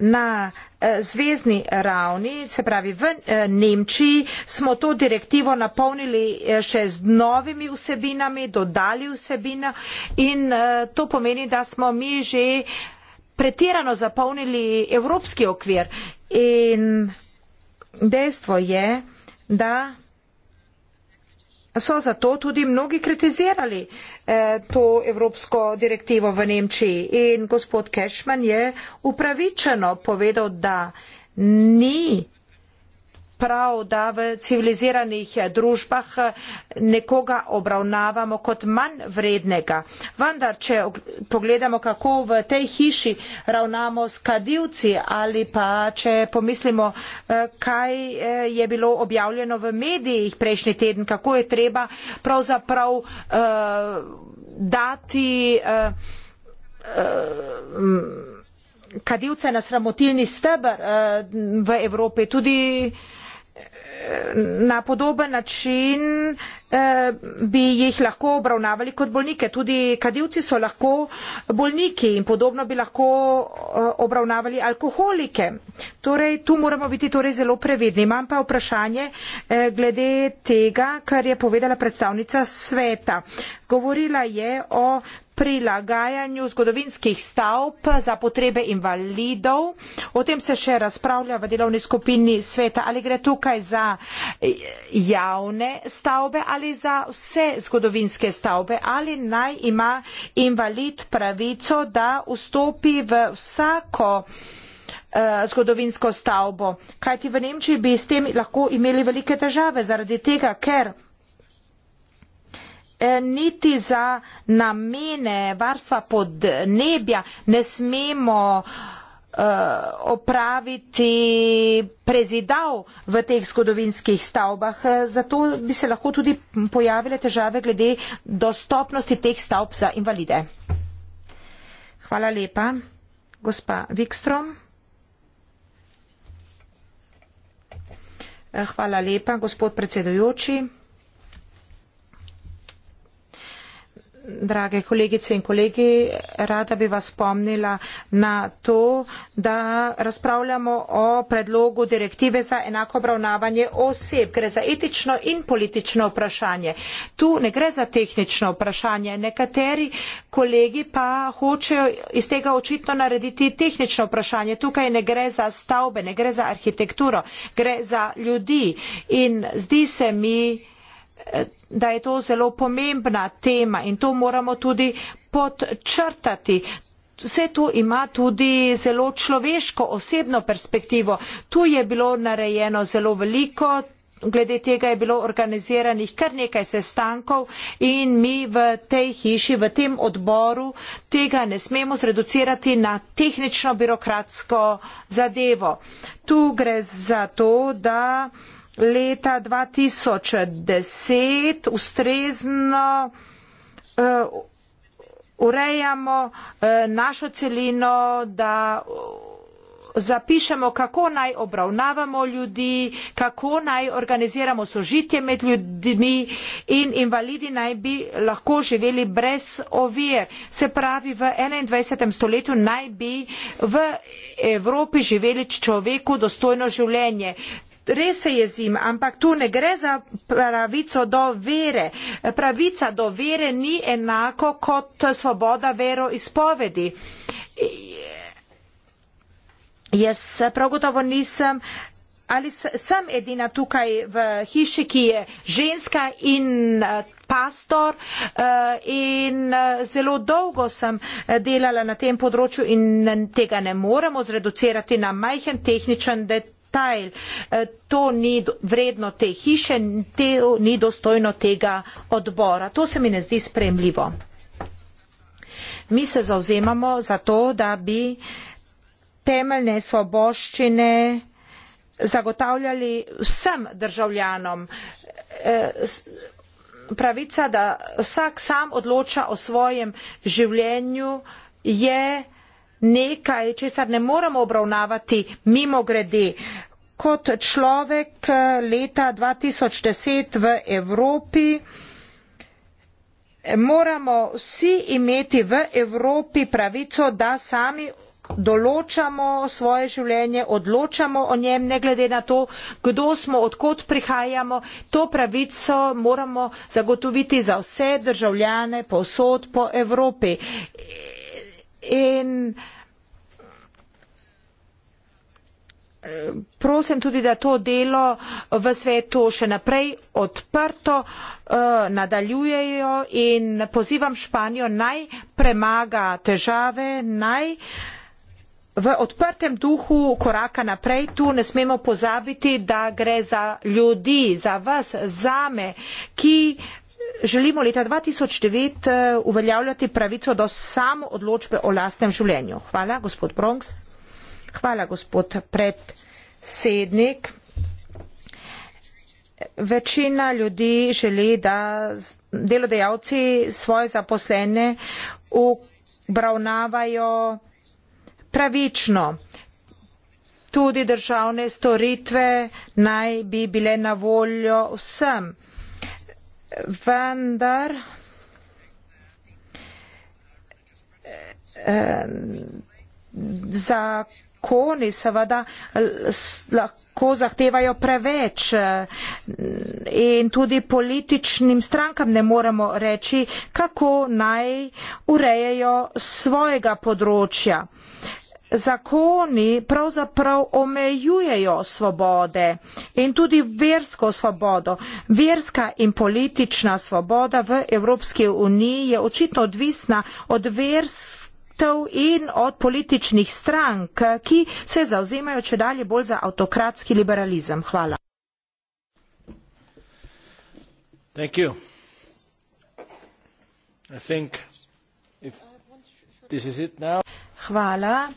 na eh, zvezdni ravni, se pravi v eh, Nemčiji, smo to direktivo napolnili eh, še z novimi vsebinami, dodali vsebina in to pomeni, da smo mi že pretirano zapolnili evropski okvir in dejstvo je, da so zato tudi mnogi kritizirali eh, to evropsko direktivo v Nemčiji. In gospod Kešman je upravičeno povedal, da ni prav, da v civiliziranih eh, družbah eh, nekoga obravnavamo kot manj vrednega. Vendar, če pogledamo, kako v tej hiši ravnamo s kadivci ali pa če pomislimo, eh, kaj je bilo objavljeno v medijih prejšnji teden, kako je treba pravzaprav uh, dati. Uh, uh, Kadivce na sramotilni stebr v Evropi tudi na podoben način eh, bi jih lahko obravnavali kot bolnike. Tudi kadivci so lahko bolniki in podobno bi lahko eh, obravnavali alkoholike. Torej, tu moramo biti torej zelo previdni. Imam pa vprašanje eh, glede tega, kar je povedala predstavnica sveta. Govorila je o prilagajanju zgodovinskih stavb za potrebe invalidov. O tem se še razpravlja v delovni skupini sveta. Ali gre tukaj za eh, javne stavbe ali za vse zgodovinske stavbe? Ali naj ima invalid pravico, da vstopi v vsako eh, zgodovinsko stavbo. Kajti v Nemčiji bi s tem lahko imeli velike težave, zaradi tega, ker Eh, niti za namene varstva podnebja ne smemo eh, opraviti prezidav v teh zgodovinskih stavbah. Eh, zato bi se lahko tudi pojavile težave glede dostopnosti teh stavb za invalide. Hvala lepa. Gospa Vikstrom. Hvala lepa, gospod predsedujoči. Drage kolegice in kolegi, rada bi vas spomnila na to, da razpravljamo o predlogu direktive za enako obravnavanje oseb. Gre za etično in politično vprašanje. Tu ne gre za tehnično vprašanje. Nekateri kolegi pa hočejo iz tega očitno narediti tehnično vprašanje. Tukaj ne gre za stavbe, ne gre za arhitekturo, gre za ljudi. In zdi se mi, da je to zelo pomembna tema in to moramo tudi podčrtati. Vse to ima tudi zelo človeško, osebno perspektivo. Tu je bilo narejeno zelo veliko, glede tega je bilo organiziranih kar nekaj sestankov in mi v tej hiši, v tem odboru tega ne smemo zreducirati na tehnično birokratsko zadevo. Tu gre za to, da leta 2010 ustrezno uh, urejamo uh, našo celino, da eh, zapišemo, kako naj obravnavamo ljudi, kako naj organiziramo sožitje med ljudmi in invalidi naj bi lahko živeli brez ovir. Se pravi, v 21. stoletju naj bi v Evropi živeli človeku dostojno življenje res se jezim, ampak tu ne gre za pravico do vere. Pravica do vere ni enako kot svoboda vero izpovedi. Jaz prav gotovo nisem, ali sem edina tukaj v hiši, ki je ženska in eh, pastor eh, in eh, zelo dolgo sem delala na tem področju in tega ne moremo zreducirati na majhen tehničen detalj tajl, e, to ni vredno te hiše, to ni dostojno tega odbora. To se mi ne zdi spremljivo. Mi se zauzemamo za to, da bi temeljne svoboščine zagotavljali vsem državljanom e, pravica, da vsak sam odloča o svojem življenju je nekaj, česar ne moremo obravnavati mimo grede. Kot človek eh, leta 2010 v Evropi moramo vsi imeti v Evropi pravico, da sami določamo svoje življenje, odločamo o njem, ne glede na to, kdo smo, odkot prihajamo. To pravico moramo zagotoviti za vse državljane posod po Evropi. In prosim tudi, da to delo v svetu še naprej odprto eh, nadaljujejo in pozivam Španijo naj premaga težave, naj v odprtem duhu koraka naprej. Tu ne smemo pozabiti, da gre za ljudi, za vas, za me, ki želimo leta 2009 eh, uveljavljati pravico do samo odločbe o lastnem življenju. Hvala, gospod Bronx. Hvala, gospod predsednik. Večina ljudi želi, da delodajalci svoje zaposlene obravnavajo pravično. Tudi državne storitve naj bi bile na voljo vsem vendar eh, zakoni seveda lahko zahtevajo preveč eh, in tudi političnim strankam ne moremo reči, kako naj urejejo svojega področja zakoni pravzaprav omejujejo svobode in tudi versko svobodo. Verska in politična svoboda v Evropski uniji je očitno odvisna od versk in od političnih strank, ki se zauzemajo če dalje bolj za avtokratski liberalizem. Hvala. Hvala.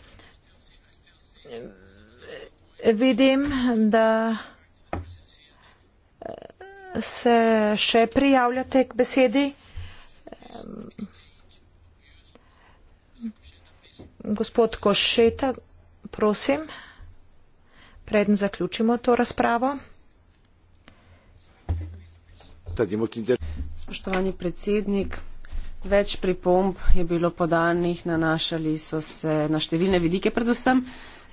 Vidim, da se še prijavljate k besedi. Gospod Košeta, prosim, preden zaključimo to razpravo. Spoštovani predsednik, več pripomb je bilo podanih, nanašali so se na številne vidike predvsem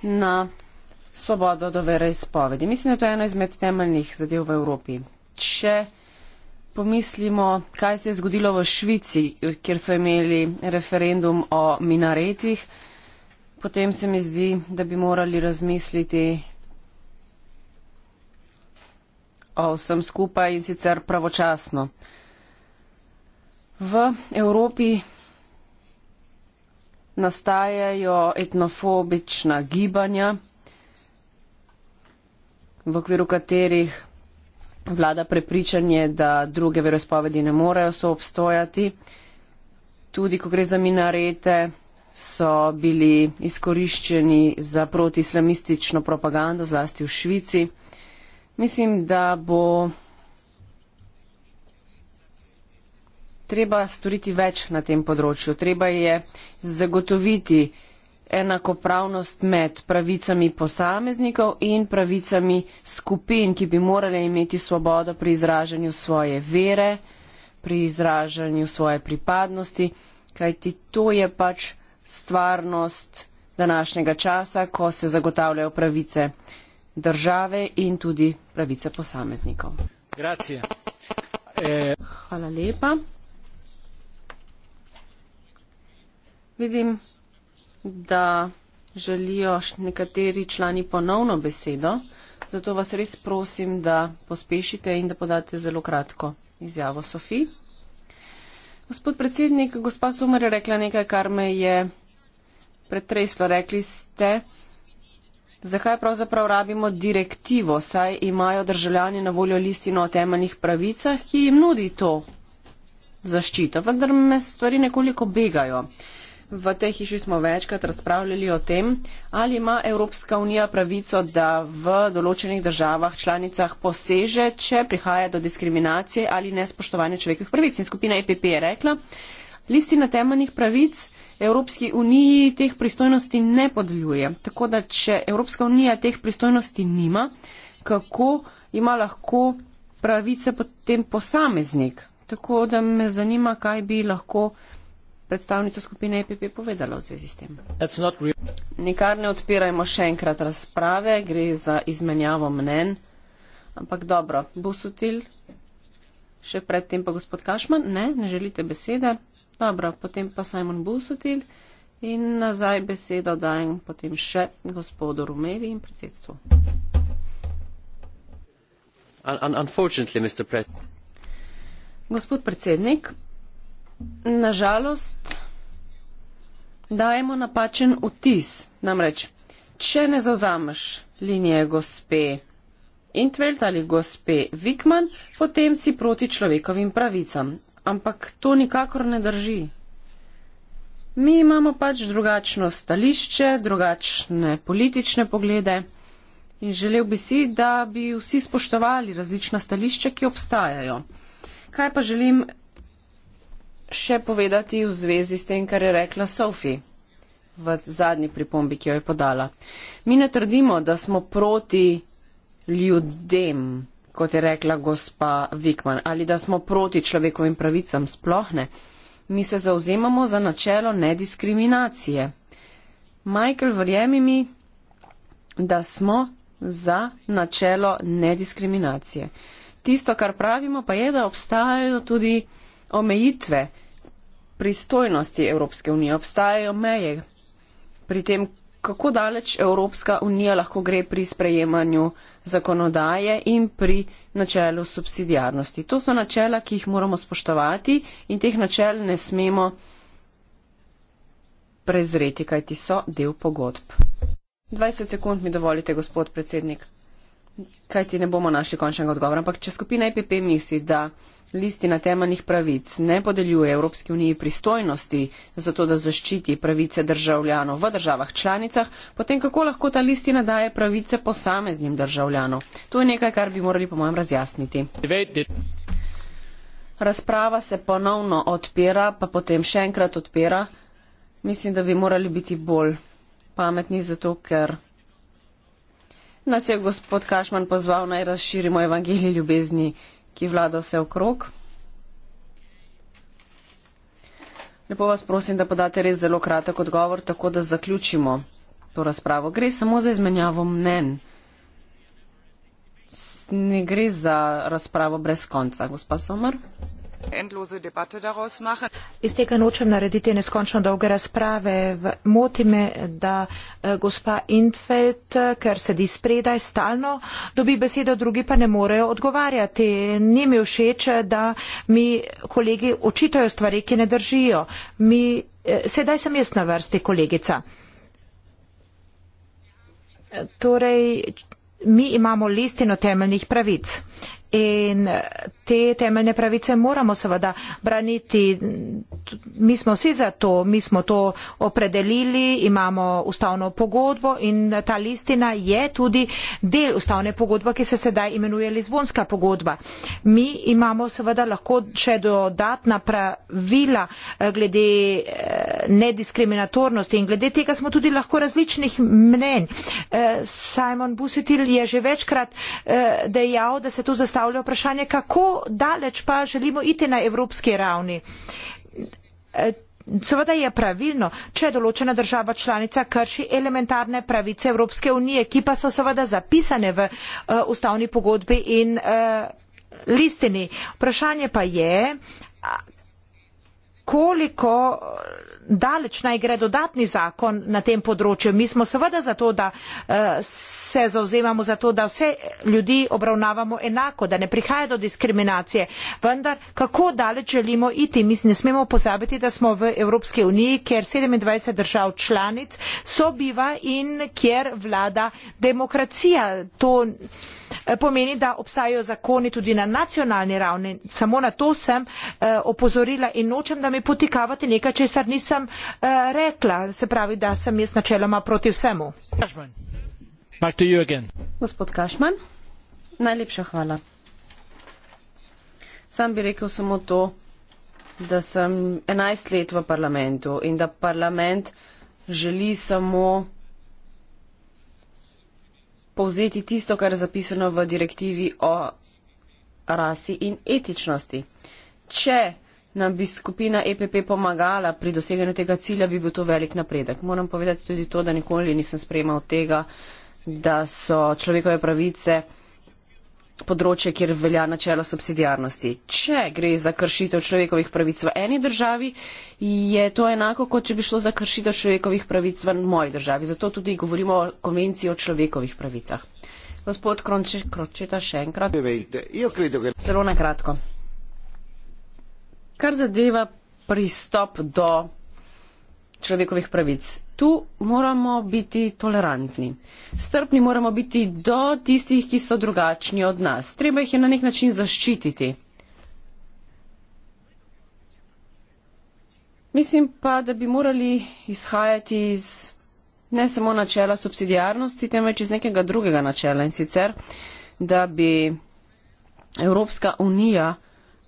na svobodo do vere izpovedi. Mislim, da to je to ena izmed temeljnih zadev v Evropi. Če pomislimo, kaj se je zgodilo v Švici, kjer so imeli referendum o minaretih, potem se mi zdi, da bi morali razmisliti o vsem skupaj in sicer pravočasno. V Evropi nastajajo etnofobična gibanja, v okviru katerih vlada prepričanje, da druge verospovedi ne morejo soobstojati. Tudi, ko gre za minarete, so bili izkoriščeni za protislamistično propagando, zlasti v Švici. Mislim, da bo treba storiti več na tem področju. Treba je zagotoviti enakopravnost med pravicami posameznikov in pravicami skupin, ki bi morale imeti svobodo pri izražanju svoje vere, pri izražanju svoje pripadnosti, kajti to je pač stvarnost današnjega časa, ko se zagotavljajo pravice države in tudi pravice posameznikov. Grazie. Eh... Hvala lepa. Vidim, da želijo nekateri člani ponovno besedo, zato vas res prosim, da pospešite in da podate zelo kratko izjavo Sofi. Gospod predsednik, gospa Sumer je rekla nekaj, kar me je pretreslo. Rekli ste, zakaj pravzaprav rabimo direktivo, saj imajo državljani na voljo listino o temeljnih pravicah, ki jim nudi to zaščito. Vendar me stvari nekoliko begajo. V tej hiši smo večkrat razpravljali o tem, ali ima Evropska unija pravico, da v določenih državah članicah poseže, če prihaja do diskriminacije ali nespoštovanja človekovih pravic. In skupina EPP je rekla, listi na temeljnih pravic Evropski uniji teh pristojnosti ne podeljuje. Tako da, če Evropska unija teh pristojnosti nima, kako ima lahko pravice potem posameznik? Tako da me zanima, kaj bi lahko predstavnica skupine EPP povedala v zvezi s tem? Nikar ne odpirajmo še enkrat razprave, gre za izmenjavo mnen. Ampak dobro, bo sutil. Še predtem pa gospod Kašman, ne, ne želite besede. Dobro, potem pa Simon Busutil in nazaj besedo dajem potem še gospodu Rumevi in predsedstvu. Un, un, gospod predsednik, na žalost dajemo napačen vtis. Namreč, če ne zauzameš linije gospe Intveld ali gospe Vikman, potem si proti človekovim pravicam. Ampak to nikakor ne drži. Mi imamo pač drugačno stališče, drugačne politične poglede in želel bi si, da bi vsi spoštovali različna stališča, ki obstajajo. Kaj pa želim še povedati v zvezi s tem, kar je rekla Sophie v zadnji pripombi, ki jo je podala. Mi ne trdimo, da smo proti ljudem, kot je rekla gospa Vikman, ali da smo proti človekovim pravicam, sploh ne. Mi se zauzemamo za načelo nediskriminacije. Michael, verjemi mi, da smo za načelo nediskriminacije. Tisto, kar pravimo, pa je, da obstajajo tudi omejitve, pristojnosti Evropske unije, obstajajo meje. Pri tem, kako daleč Evropska unija lahko gre pri sprejemanju zakonodaje in pri načelu subsidijarnosti. To so načela, ki jih moramo spoštovati in teh načel ne smemo prezreti, kajti so del pogodb. 20 sekund mi dovolite, gospod predsednik, kajti ne bomo našli končnega odgovora, ampak če skupina EPP misli, da listina temeljnih pravic ne podeljuje Evropske unije pristojnosti za to, da zaščiti pravice državljanov v državah članicah, potem kako lahko ta listina daje pravice posameznim državljanom? To je nekaj, kar bi morali po mojem razjasniti. Razprava se ponovno odpira, pa potem še enkrat odpira. Mislim, da bi morali biti bolj pametni zato, ker. Nas je gospod Kašman pozval naj razširimo evangelij ljubezni ki vlada vse okrog. Lepo vas prosim, da podate res zelo kratek odgovor, tako da zaključimo to razpravo. Gre samo za izmenjavo mnen. Ne gre za razpravo brez konca, gospa Somr. Iz tega nočem narediti neskončno dolge razprave. Moti me, da eh, gospa Intfeld, ker sedi spredaj, stalno dobi besedo, drugi pa ne morejo odgovarjati. Ni mi všeč, da mi kolegi očitajo stvari, ki ne držijo. Mi, eh, sedaj sem jaz na vrsti, kolegica. Torej, mi imamo listino temeljnih pravic. In te temeljne pravice moramo seveda braniti. Mi smo vsi za to, mi smo to opredelili, imamo ustavno pogodbo in ta listina je tudi del ustavne pogodbe, ki se sedaj imenuje Lizbonska pogodba. Mi imamo seveda lahko še dodatna pravila eh, glede eh, nediskriminatornosti in glede tega smo tudi lahko različnih mnen. Eh, Simon Busitil je že večkrat dejal, da se to zastavlja postavlja vprašanje, kako daleč pa želimo iti na evropski ravni. E, seveda je pravilno, če določena država članica krši elementarne pravice Evropske unije, ki pa so seveda zapisane v e, ustavni pogodbi in e, listini. Vprašanje pa je, koliko daleč naj gre dodatni zakon na tem področju. Mi smo seveda za to, da eh, se zauzemamo za to, da vse ljudi obravnavamo enako, da ne prihaja do diskriminacije. Vendar, kako daleč želimo iti? Mi ne smemo pozabiti, da smo v Evropski uniji, kjer 27 držav članic sobiva in kjer vlada demokracija. To eh, pomeni, da obstajajo zakoni tudi na nacionalni ravni. Samo na to sem eh, opozorila in nočem, da mi potikavate nekaj, česar nisem sem uh, rekla, se pravi, da sem jaz načeloma proti vsemu. Gospod Kašman, najlepša hvala. Sam bi rekel samo to, da sem 11 let v parlamentu in da parlament želi samo povzeti tisto, kar je zapisano v direktivi o rasi in etičnosti. Če nam bi skupina EPP pomagala pri doseganju tega cilja, bi bil to velik napredek. Moram povedati tudi to, da nikoli nisem sprejemal tega, da so človekove pravice področje, kjer velja načelo subsidijarnosti. Če gre za kršitev človekovih pravic v eni državi, je to enako, kot če bi šlo za kršitev človekovih pravic v moji državi. Zato tudi govorimo o konvenciji o človekovih pravicah. Gospod Kronče, Kročeta, še enkrat. Zelo nakratko kar zadeva pristop do človekovih pravic. Tu moramo biti tolerantni. Strpni moramo biti do tistih, ki so drugačni od nas. Treba jih je na nek način zaščititi. Mislim pa, da bi morali izhajati iz ne samo načela subsidijarnosti, temveč iz nekega drugega načela in sicer, da bi Evropska unija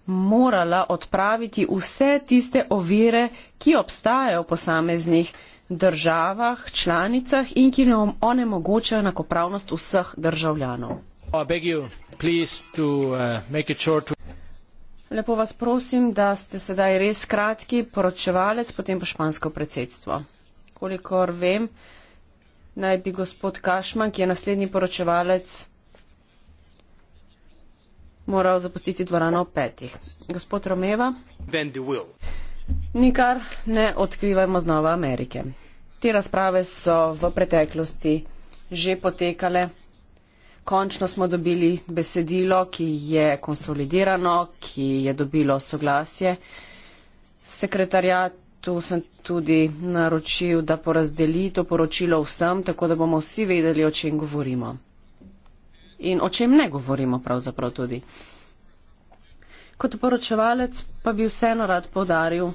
morala odpraviti vse tiste ovire, ki obstajajo v posameznih državah, članicah in ki nam onemogočajo enakopravnost vseh državljanov. Uh, Lepo vas prosim, da ste sedaj res kratki poročevalec, potem po špansko predsedstvo. Kolikor vem, naj bi gospod Kašman, ki je naslednji poročevalec, moral zapustiti dvorano ob petih. Gospod Romeva, nikar ne odkrivajmo znova Amerike. Te razprave so v preteklosti že potekale. Končno smo dobili besedilo, ki je konsolidirano, ki je dobilo soglasje. Sekretarjatu sem tudi naročil, da porazdeli to poročilo vsem, tako da bomo vsi vedeli, o čem govorimo in o čem ne govorimo pravzaprav tudi. Kot poročevalec pa bi vseeno rad podaril,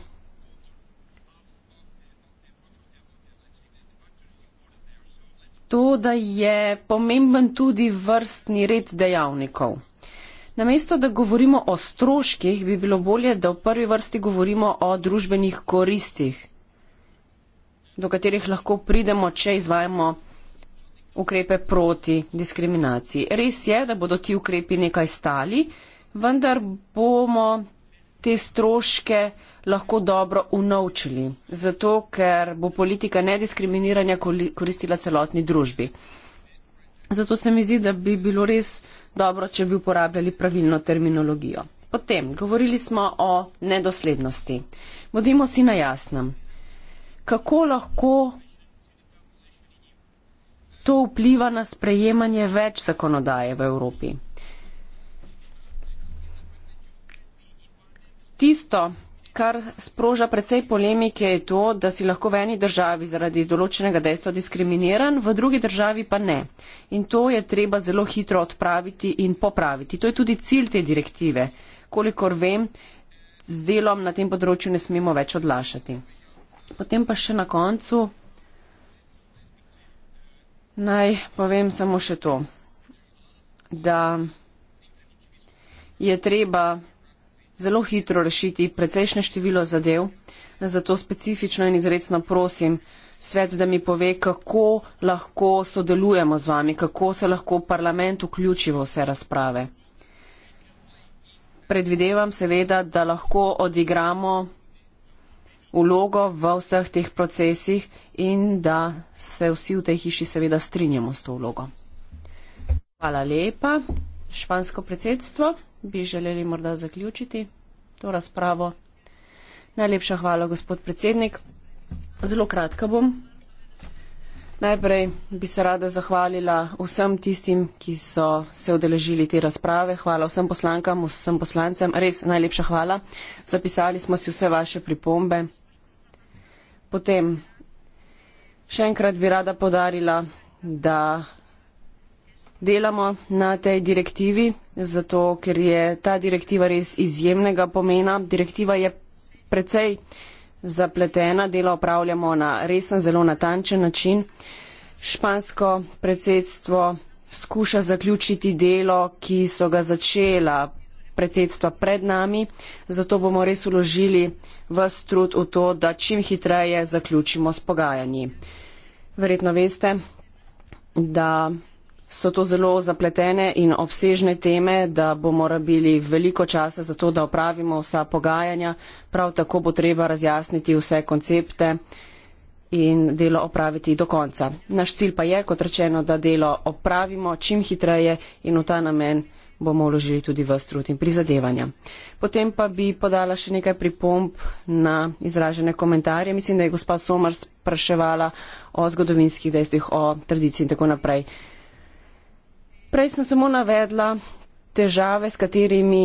To, da je pomemben tudi vrstni red dejavnikov. Namesto, da govorimo o stroških, bi bilo bolje, da v prvi vrsti govorimo o družbenih koristih, do katerih lahko pridemo, če izvajamo ukrepe proti diskriminaciji. Res je, da bodo ti ukrepi nekaj stali, vendar bomo te stroške lahko dobro unovčili, zato ker bo politika nediskriminiranja koristila celotni družbi. Zato se mi zdi, da bi bilo res dobro, če bi uporabljali pravilno terminologijo. Potem, govorili smo o nedoslednosti. Bodimo si na jasnem. Kako lahko to vpliva na sprejemanje več zakonodaje v Evropi. Tisto, kar sproža precej polemike, je to, da si lahko v eni državi zaradi določenega dejstva diskriminiran, v drugi državi pa ne. In to je treba zelo hitro odpraviti in popraviti. To je tudi cilj te direktive. Kolikor vem, z delom na tem področju ne smemo več odlašati. Potem pa še na koncu Naj povem samo še to, da je treba zelo hitro rešiti precejšnje število zadev, zato specifično in izredno prosim svet, da mi pove, kako lahko sodelujemo z vami, kako se lahko parlament vključi v vse razprave. Predvidevam seveda, da lahko odigramo vlogo v vseh teh procesih in da se vsi v tej hiši seveda strinjamo s to vlogo. Hvala lepa. Špansko predsedstvo bi želeli morda zaključiti to razpravo. Najlepša hvala, gospod predsednik. Zelo kratka bom. Najprej bi se rada zahvalila vsem tistim, ki so se odeležili te razprave. Hvala vsem poslankam, vsem poslancem. Res najlepša hvala. Zapisali smo si vse vaše pripombe. Potem še enkrat bi rada podarila, da delamo na tej direktivi, zato ker je ta direktiva res izjemnega pomena. Direktiva je precej zapletena, dela opravljamo na resen, zelo natančen način. Špansko predsedstvo skuša zaključiti delo, ki so ga začela predsedstva pred nami, zato bomo res uložili vse trud v to, da čim hitreje zaključimo s pogajanji. Verjetno veste, da so to zelo zapletene in obsežne teme, da bomo rabili veliko časa za to, da opravimo vsa pogajanja, prav tako bo treba razjasniti vse koncepte in delo opraviti do konca. Naš cilj pa je, kot rečeno, da delo opravimo čim hitreje in v ta namen bomo vložili tudi v strud in prizadevanja. Potem pa bi podala še nekaj pripomb na izražene komentarje. Mislim, da je gospa Somar spraševala o zgodovinskih dejstvih, o tradiciji in tako naprej. Prej sem samo navedla težave, s katerimi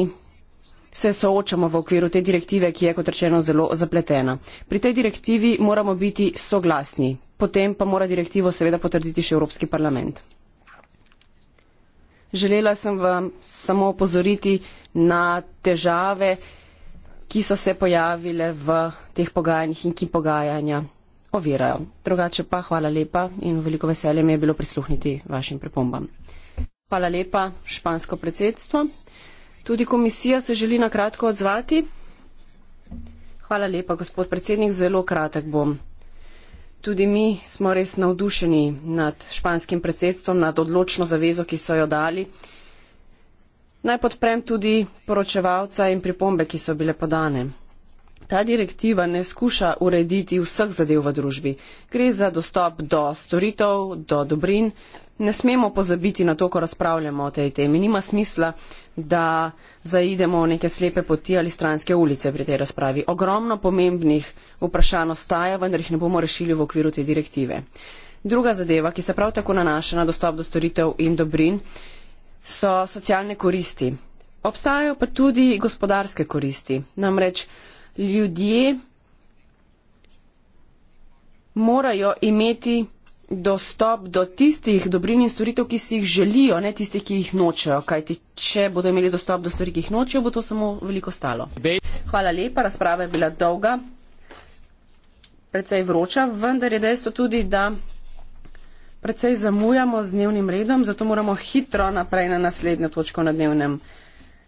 se soočamo v okviru te direktive, ki je, kot rečeno, zelo zapletena. Pri tej direktivi moramo biti soglasni, potem pa mora direktivo seveda potrditi še Evropski parlament. Želela sem vam samo opozoriti na težave, ki so se pojavile v teh pogajanjih in ki pogajanja ovirajo. Drugače pa hvala lepa in veliko veselje mi je bilo prisluhniti vašim pripombam. Hvala lepa špansko predsedstvo. Tudi komisija se želi na kratko odzvati. Hvala lepa, gospod predsednik, zelo kratek bom. Tudi mi smo res navdušeni nad španskim predsedstvom, nad odločno zavezo, ki so jo dali. Naj podprem tudi poročevalca in pripombe, ki so bile podane. Ta direktiva ne skuša urediti vseh zadev v družbi. Gre za dostop do storitev, do dobrin. Ne smemo pozabiti na to, ko razpravljamo o tej temi. Nima smisla, da zaidemo v neke slepe poti ali stranske ulice pri tej razpravi. Ogromno pomembnih vprašanj ostaja, vendar jih ne bomo rešili v okviru te direktive. Druga zadeva, ki se prav tako nanaša na dostop do storitev in dobrin, so socialne koristi. Obstajajo pa tudi gospodarske koristi. Namreč ljudje morajo imeti dostop do tistih dobrin in storitev, ki si jih želijo, ne tistih, ki jih nočejo. Kajti, če bodo imeli dostop do stvari, ki jih nočejo, bo to samo veliko stalo. Hvala lepa, razprava je bila dolga, precej vroča, vendar je dejstvo tudi, da precej zamujamo z dnevnim redom, zato moramo hitro naprej na naslednjo točko na dnevnem redu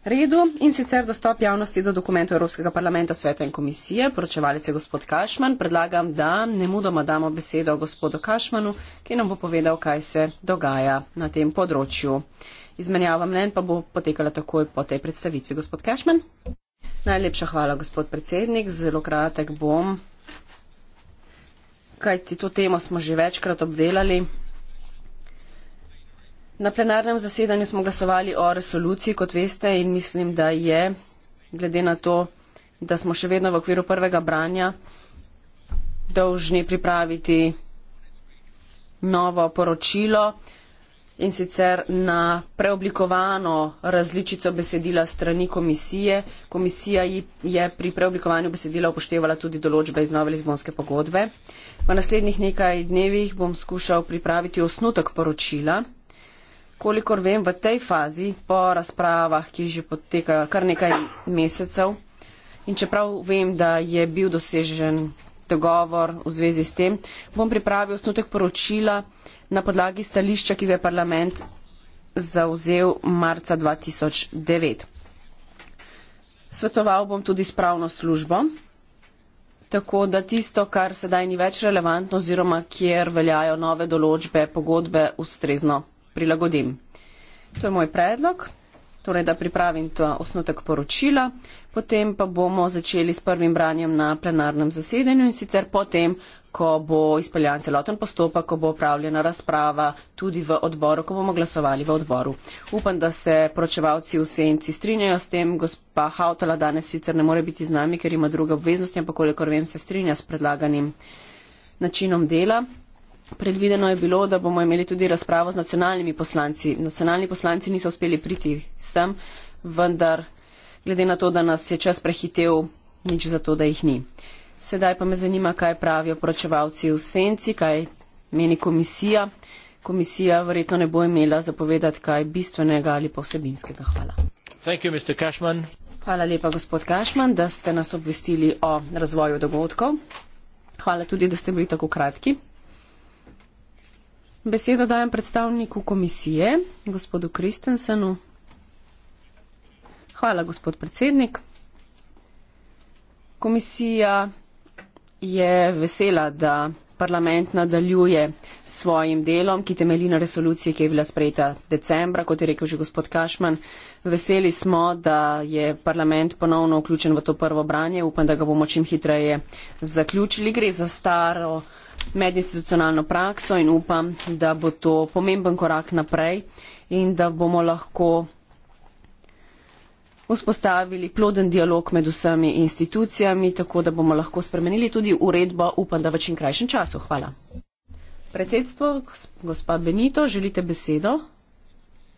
redu in sicer dostop javnosti do dokumentov Evropskega parlamenta, sveta in komisije. Poročevalec je gospod Kašman. Predlagam, da ne mudoma damo besedo gospodu Kašmanu, ki nam bo povedal, kaj se dogaja na tem področju. Izmenjava mnen pa bo potekala takoj po tej predstavitvi. Gospod Kašman. Najlepša hvala, gospod predsednik. Zelo kratek bom. Kaj ti to temo smo že večkrat obdelali? Na plenarnem zasedanju smo glasovali o resoluciji, kot veste, in mislim, da je, glede na to, da smo še vedno v okviru prvega branja, dolžni pripraviti novo poročilo in sicer na preoblikovano različico besedila strani komisije. Komisija je pri preoblikovanju besedila upoštevala tudi določbe iz nove Lizbonske pogodbe. V naslednjih nekaj dnevih bom skušal pripraviti osnutek poročila kolikor vem, v tej fazi, po razpravah, ki že potekajo kar nekaj mesecev, in čeprav vem, da je bil dosežen dogovor v zvezi s tem, bom pripravil osnutek poročila na podlagi stališča, ki ga je parlament zauzel marca 2009. Svetoval bom tudi spravno službo, tako da tisto, kar sedaj ni več relevantno oziroma kjer veljajo nove določbe, pogodbe, ustrezno prilagodim. To je moj predlog, torej da pripravim ta osnutek poročila, potem pa bomo začeli s prvim branjem na plenarnem zasedanju in sicer potem, ko bo izpeljan celoten postopek, ko bo upravljena razprava tudi v odboru, ko bomo glasovali v odboru. Upam, da se poročevalci v senci strinjajo s tem, gospa Hautala danes sicer ne more biti z nami, ker ima druge obveznosti, ampak kolikor vem, se strinja s predlaganim načinom dela. Predvideno je bilo, da bomo imeli tudi razpravo z nacionalnimi poslanci. Nacionalni poslanci niso uspeli priti sem, vendar glede na to, da nas je čas prehitev, nič za to, da jih ni. Sedaj pa me zanima, kaj pravijo poročevalci v senci, kaj meni komisija. Komisija verjetno ne bo imela zapovedati kaj bistvenega ali povsebinskega. Hvala. You, Hvala lepa, gospod Kašman, da ste nas obvestili o razvoju dogodkov. Hvala tudi, da ste bili tako kratki. Besedo dajem predstavniku komisije, gospodu Kristensenu. Hvala, gospod predsednik. Komisija je vesela, da parlament nadaljuje s svojim delom, ki temelji na resoluciji, ki je bila sprejeta decembra, kot je rekel že gospod Kašman. Veseli smo, da je parlament ponovno vključen v to prvo branje. Upam, da ga bomo čim hitreje zaključili. Gre za staro medinstitucionalno prakso in upam, da bo to pomemben korak naprej in da bomo lahko vzpostavili ploden dialog med vsemi institucijami, tako da bomo lahko spremenili tudi uredbo, upam, da v čim krajšem času. Hvala. Predsedstvo, gospa Benito, želite besedo?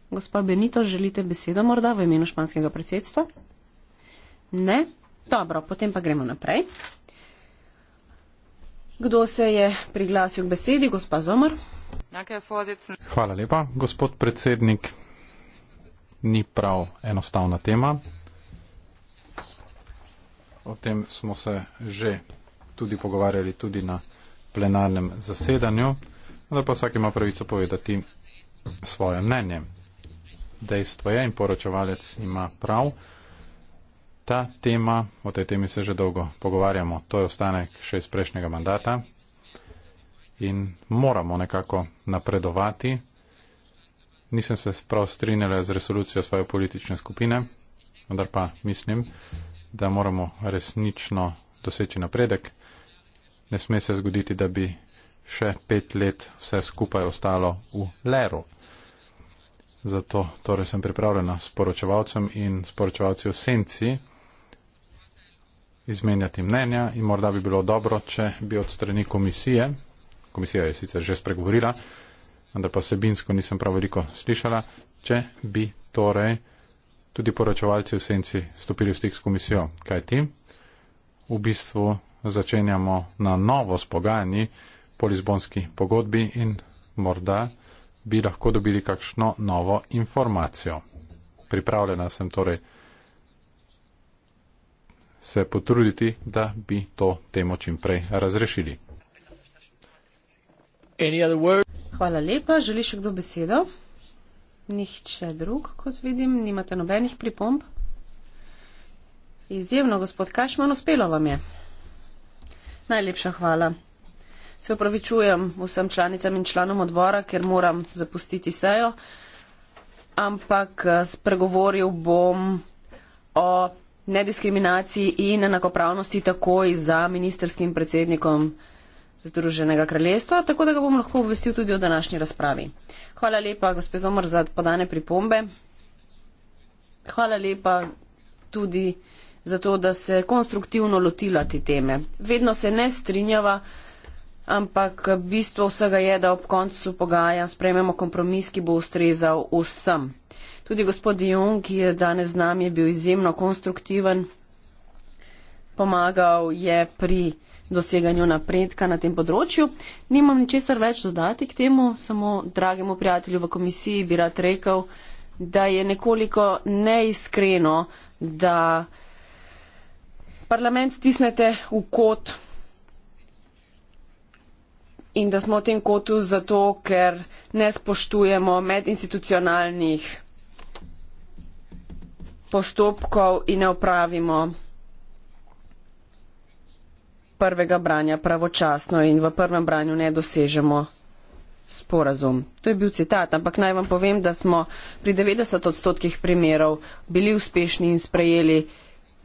Gospa Benito, želite besedo morda v imenu španskega predsedstva? Ne? Dobro, potem pa gremo naprej. Kdo se je priglasil k besedi, gospa Zomar? Hvala lepa, gospod predsednik. Ni prav enostavna tema. O tem smo se že tudi pogovarjali tudi na plenarnem zasedanju, da pa vsak ima pravico povedati svoje mnenje. Dejstvo je in poročevalec ima prav, ta tema, o tej temi se že dolgo pogovarjamo, to je ostanek še iz prejšnjega mandata in moramo nekako napredovati. Nisem se prav strinjala z resolucijo svoje politične skupine, vendar pa mislim, da moramo resnično doseči napredek. Ne sme se zgoditi, da bi še pet let vse skupaj ostalo v leru. Zato torej sem pripravljena sporočevalcem in sporočevalci v senci izmenjati mnenja in morda bi bilo dobro, če bi od strani komisije, komisija je sicer že spregovorila, vendar pa sebinsko nisem prav veliko slišala, če bi torej tudi poročevalci v senci stopili v stik s komisijo. Kaj ti? V bistvu začenjamo na novo spogajanji po Lizbonski pogodbi in morda bi lahko dobili kakšno novo informacijo. Pripravljena sem torej se potruditi, da bi to temo čim prej razrešili. Hvala lepa. Želi še kdo besedo? Nihče drug, kot vidim, nimate nobenih pripomb. Izjemno, gospod Kašman, uspelo vam je. Najlepša hvala. Se opravičujem vsem članicam in članom odbora, ker moram zapustiti sejo, ampak eh, spregovoril bom o nediskriminaciji in enakopravnosti takoj za ministerskim predsednikom Združenega kraljestva, tako da ga bom lahko obvestil tudi o današnji razpravi. Hvala lepa, gospe Zomr, za podane pripombe. Hvala lepa tudi za to, da se konstruktivno lotila te teme. Vedno se ne strinjava, ampak bistvo vsega je, da ob koncu pogaja sprejmemo kompromis, ki bo ustrezal vsem. Tudi gospod Dion, ki je danes z nami, je bil izjemno konstruktiven, pomagal je pri doseganju napredka na tem področju. Nimam ničesar več dodati k temu, samo dragemu prijatelju v komisiji bi rad rekel, da je nekoliko neiskreno, da parlament stisnete v kot in da smo v tem kotu zato, ker ne spoštujemo medinstitucionalnih postopkov in ne opravimo prvega branja pravočasno in v prvem branju ne dosežemo sporazum. To je bil citat, ampak naj vam povem, da smo pri 90 odstotkih primerov bili uspešni in sprejeli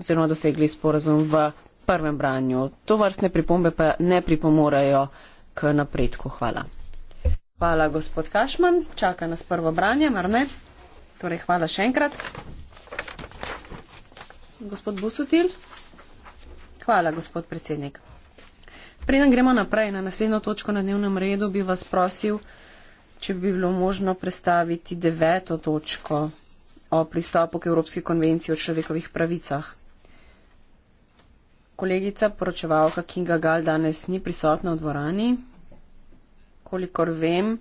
oziroma dosegli sporazum v prvem branju. To vrstne pripombe pa ne pripomorajo k napredku. Hvala. Hvala, gospod Kašman. Čaka nas prvo branje, mar ne? Torej, hvala še enkrat. Gospod Busutil. Hvala, gospod predsednik. Preden gremo naprej na naslednjo točko na dnevnem redu, bi vas prosil, če bi bilo možno predstaviti deveto točko o pristopu k Evropski konvenciji o človekovih pravicah. Kolegica poročevalka Kinga Gal danes ni prisotna v dvorani. Kolikor vem,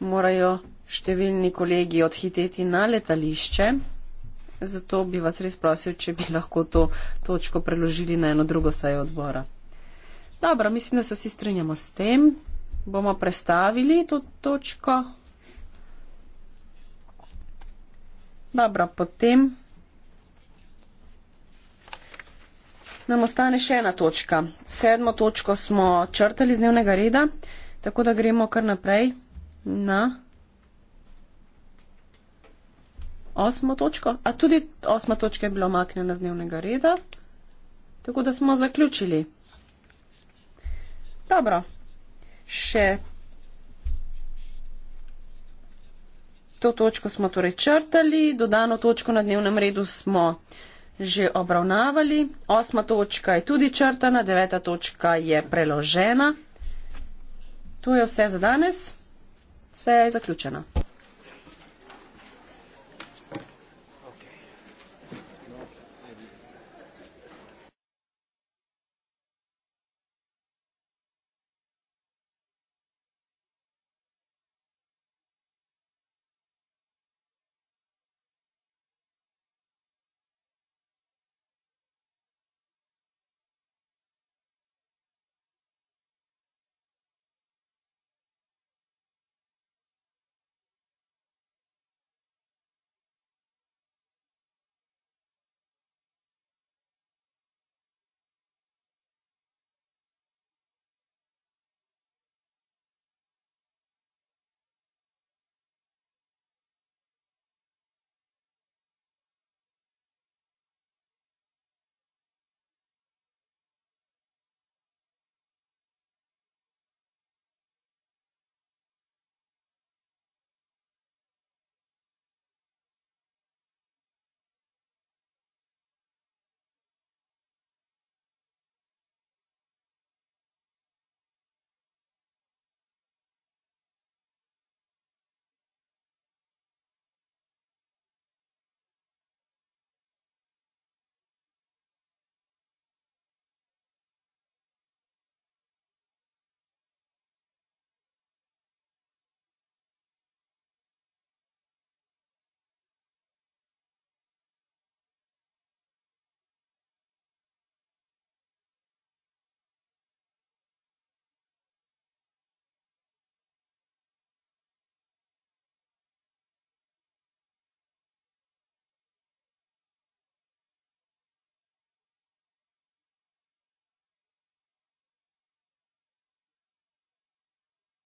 morajo številni kolegi odhiteti na letališče, Zato bi vas res prosil, če bi lahko to točko preložili na eno drugo sajo odbora. Dobro, mislim, da se vsi strinjamo s tem. Bomo prestavili to točko. Dobro, potem nam ostane še ena točka. Sedmo točko smo črtali z dnevnega reda, tako da gremo kar naprej na. osmo točko, a tudi osma točka je bila omaknjena z dnevnega reda. Tako da smo zaključili. Dobro, še to točko smo torej črtali, dodano točko na dnevnem redu smo že obravnavali, osma točka je tudi črtana, deveta točka je preložena. To je vse za danes, vse je zaključeno.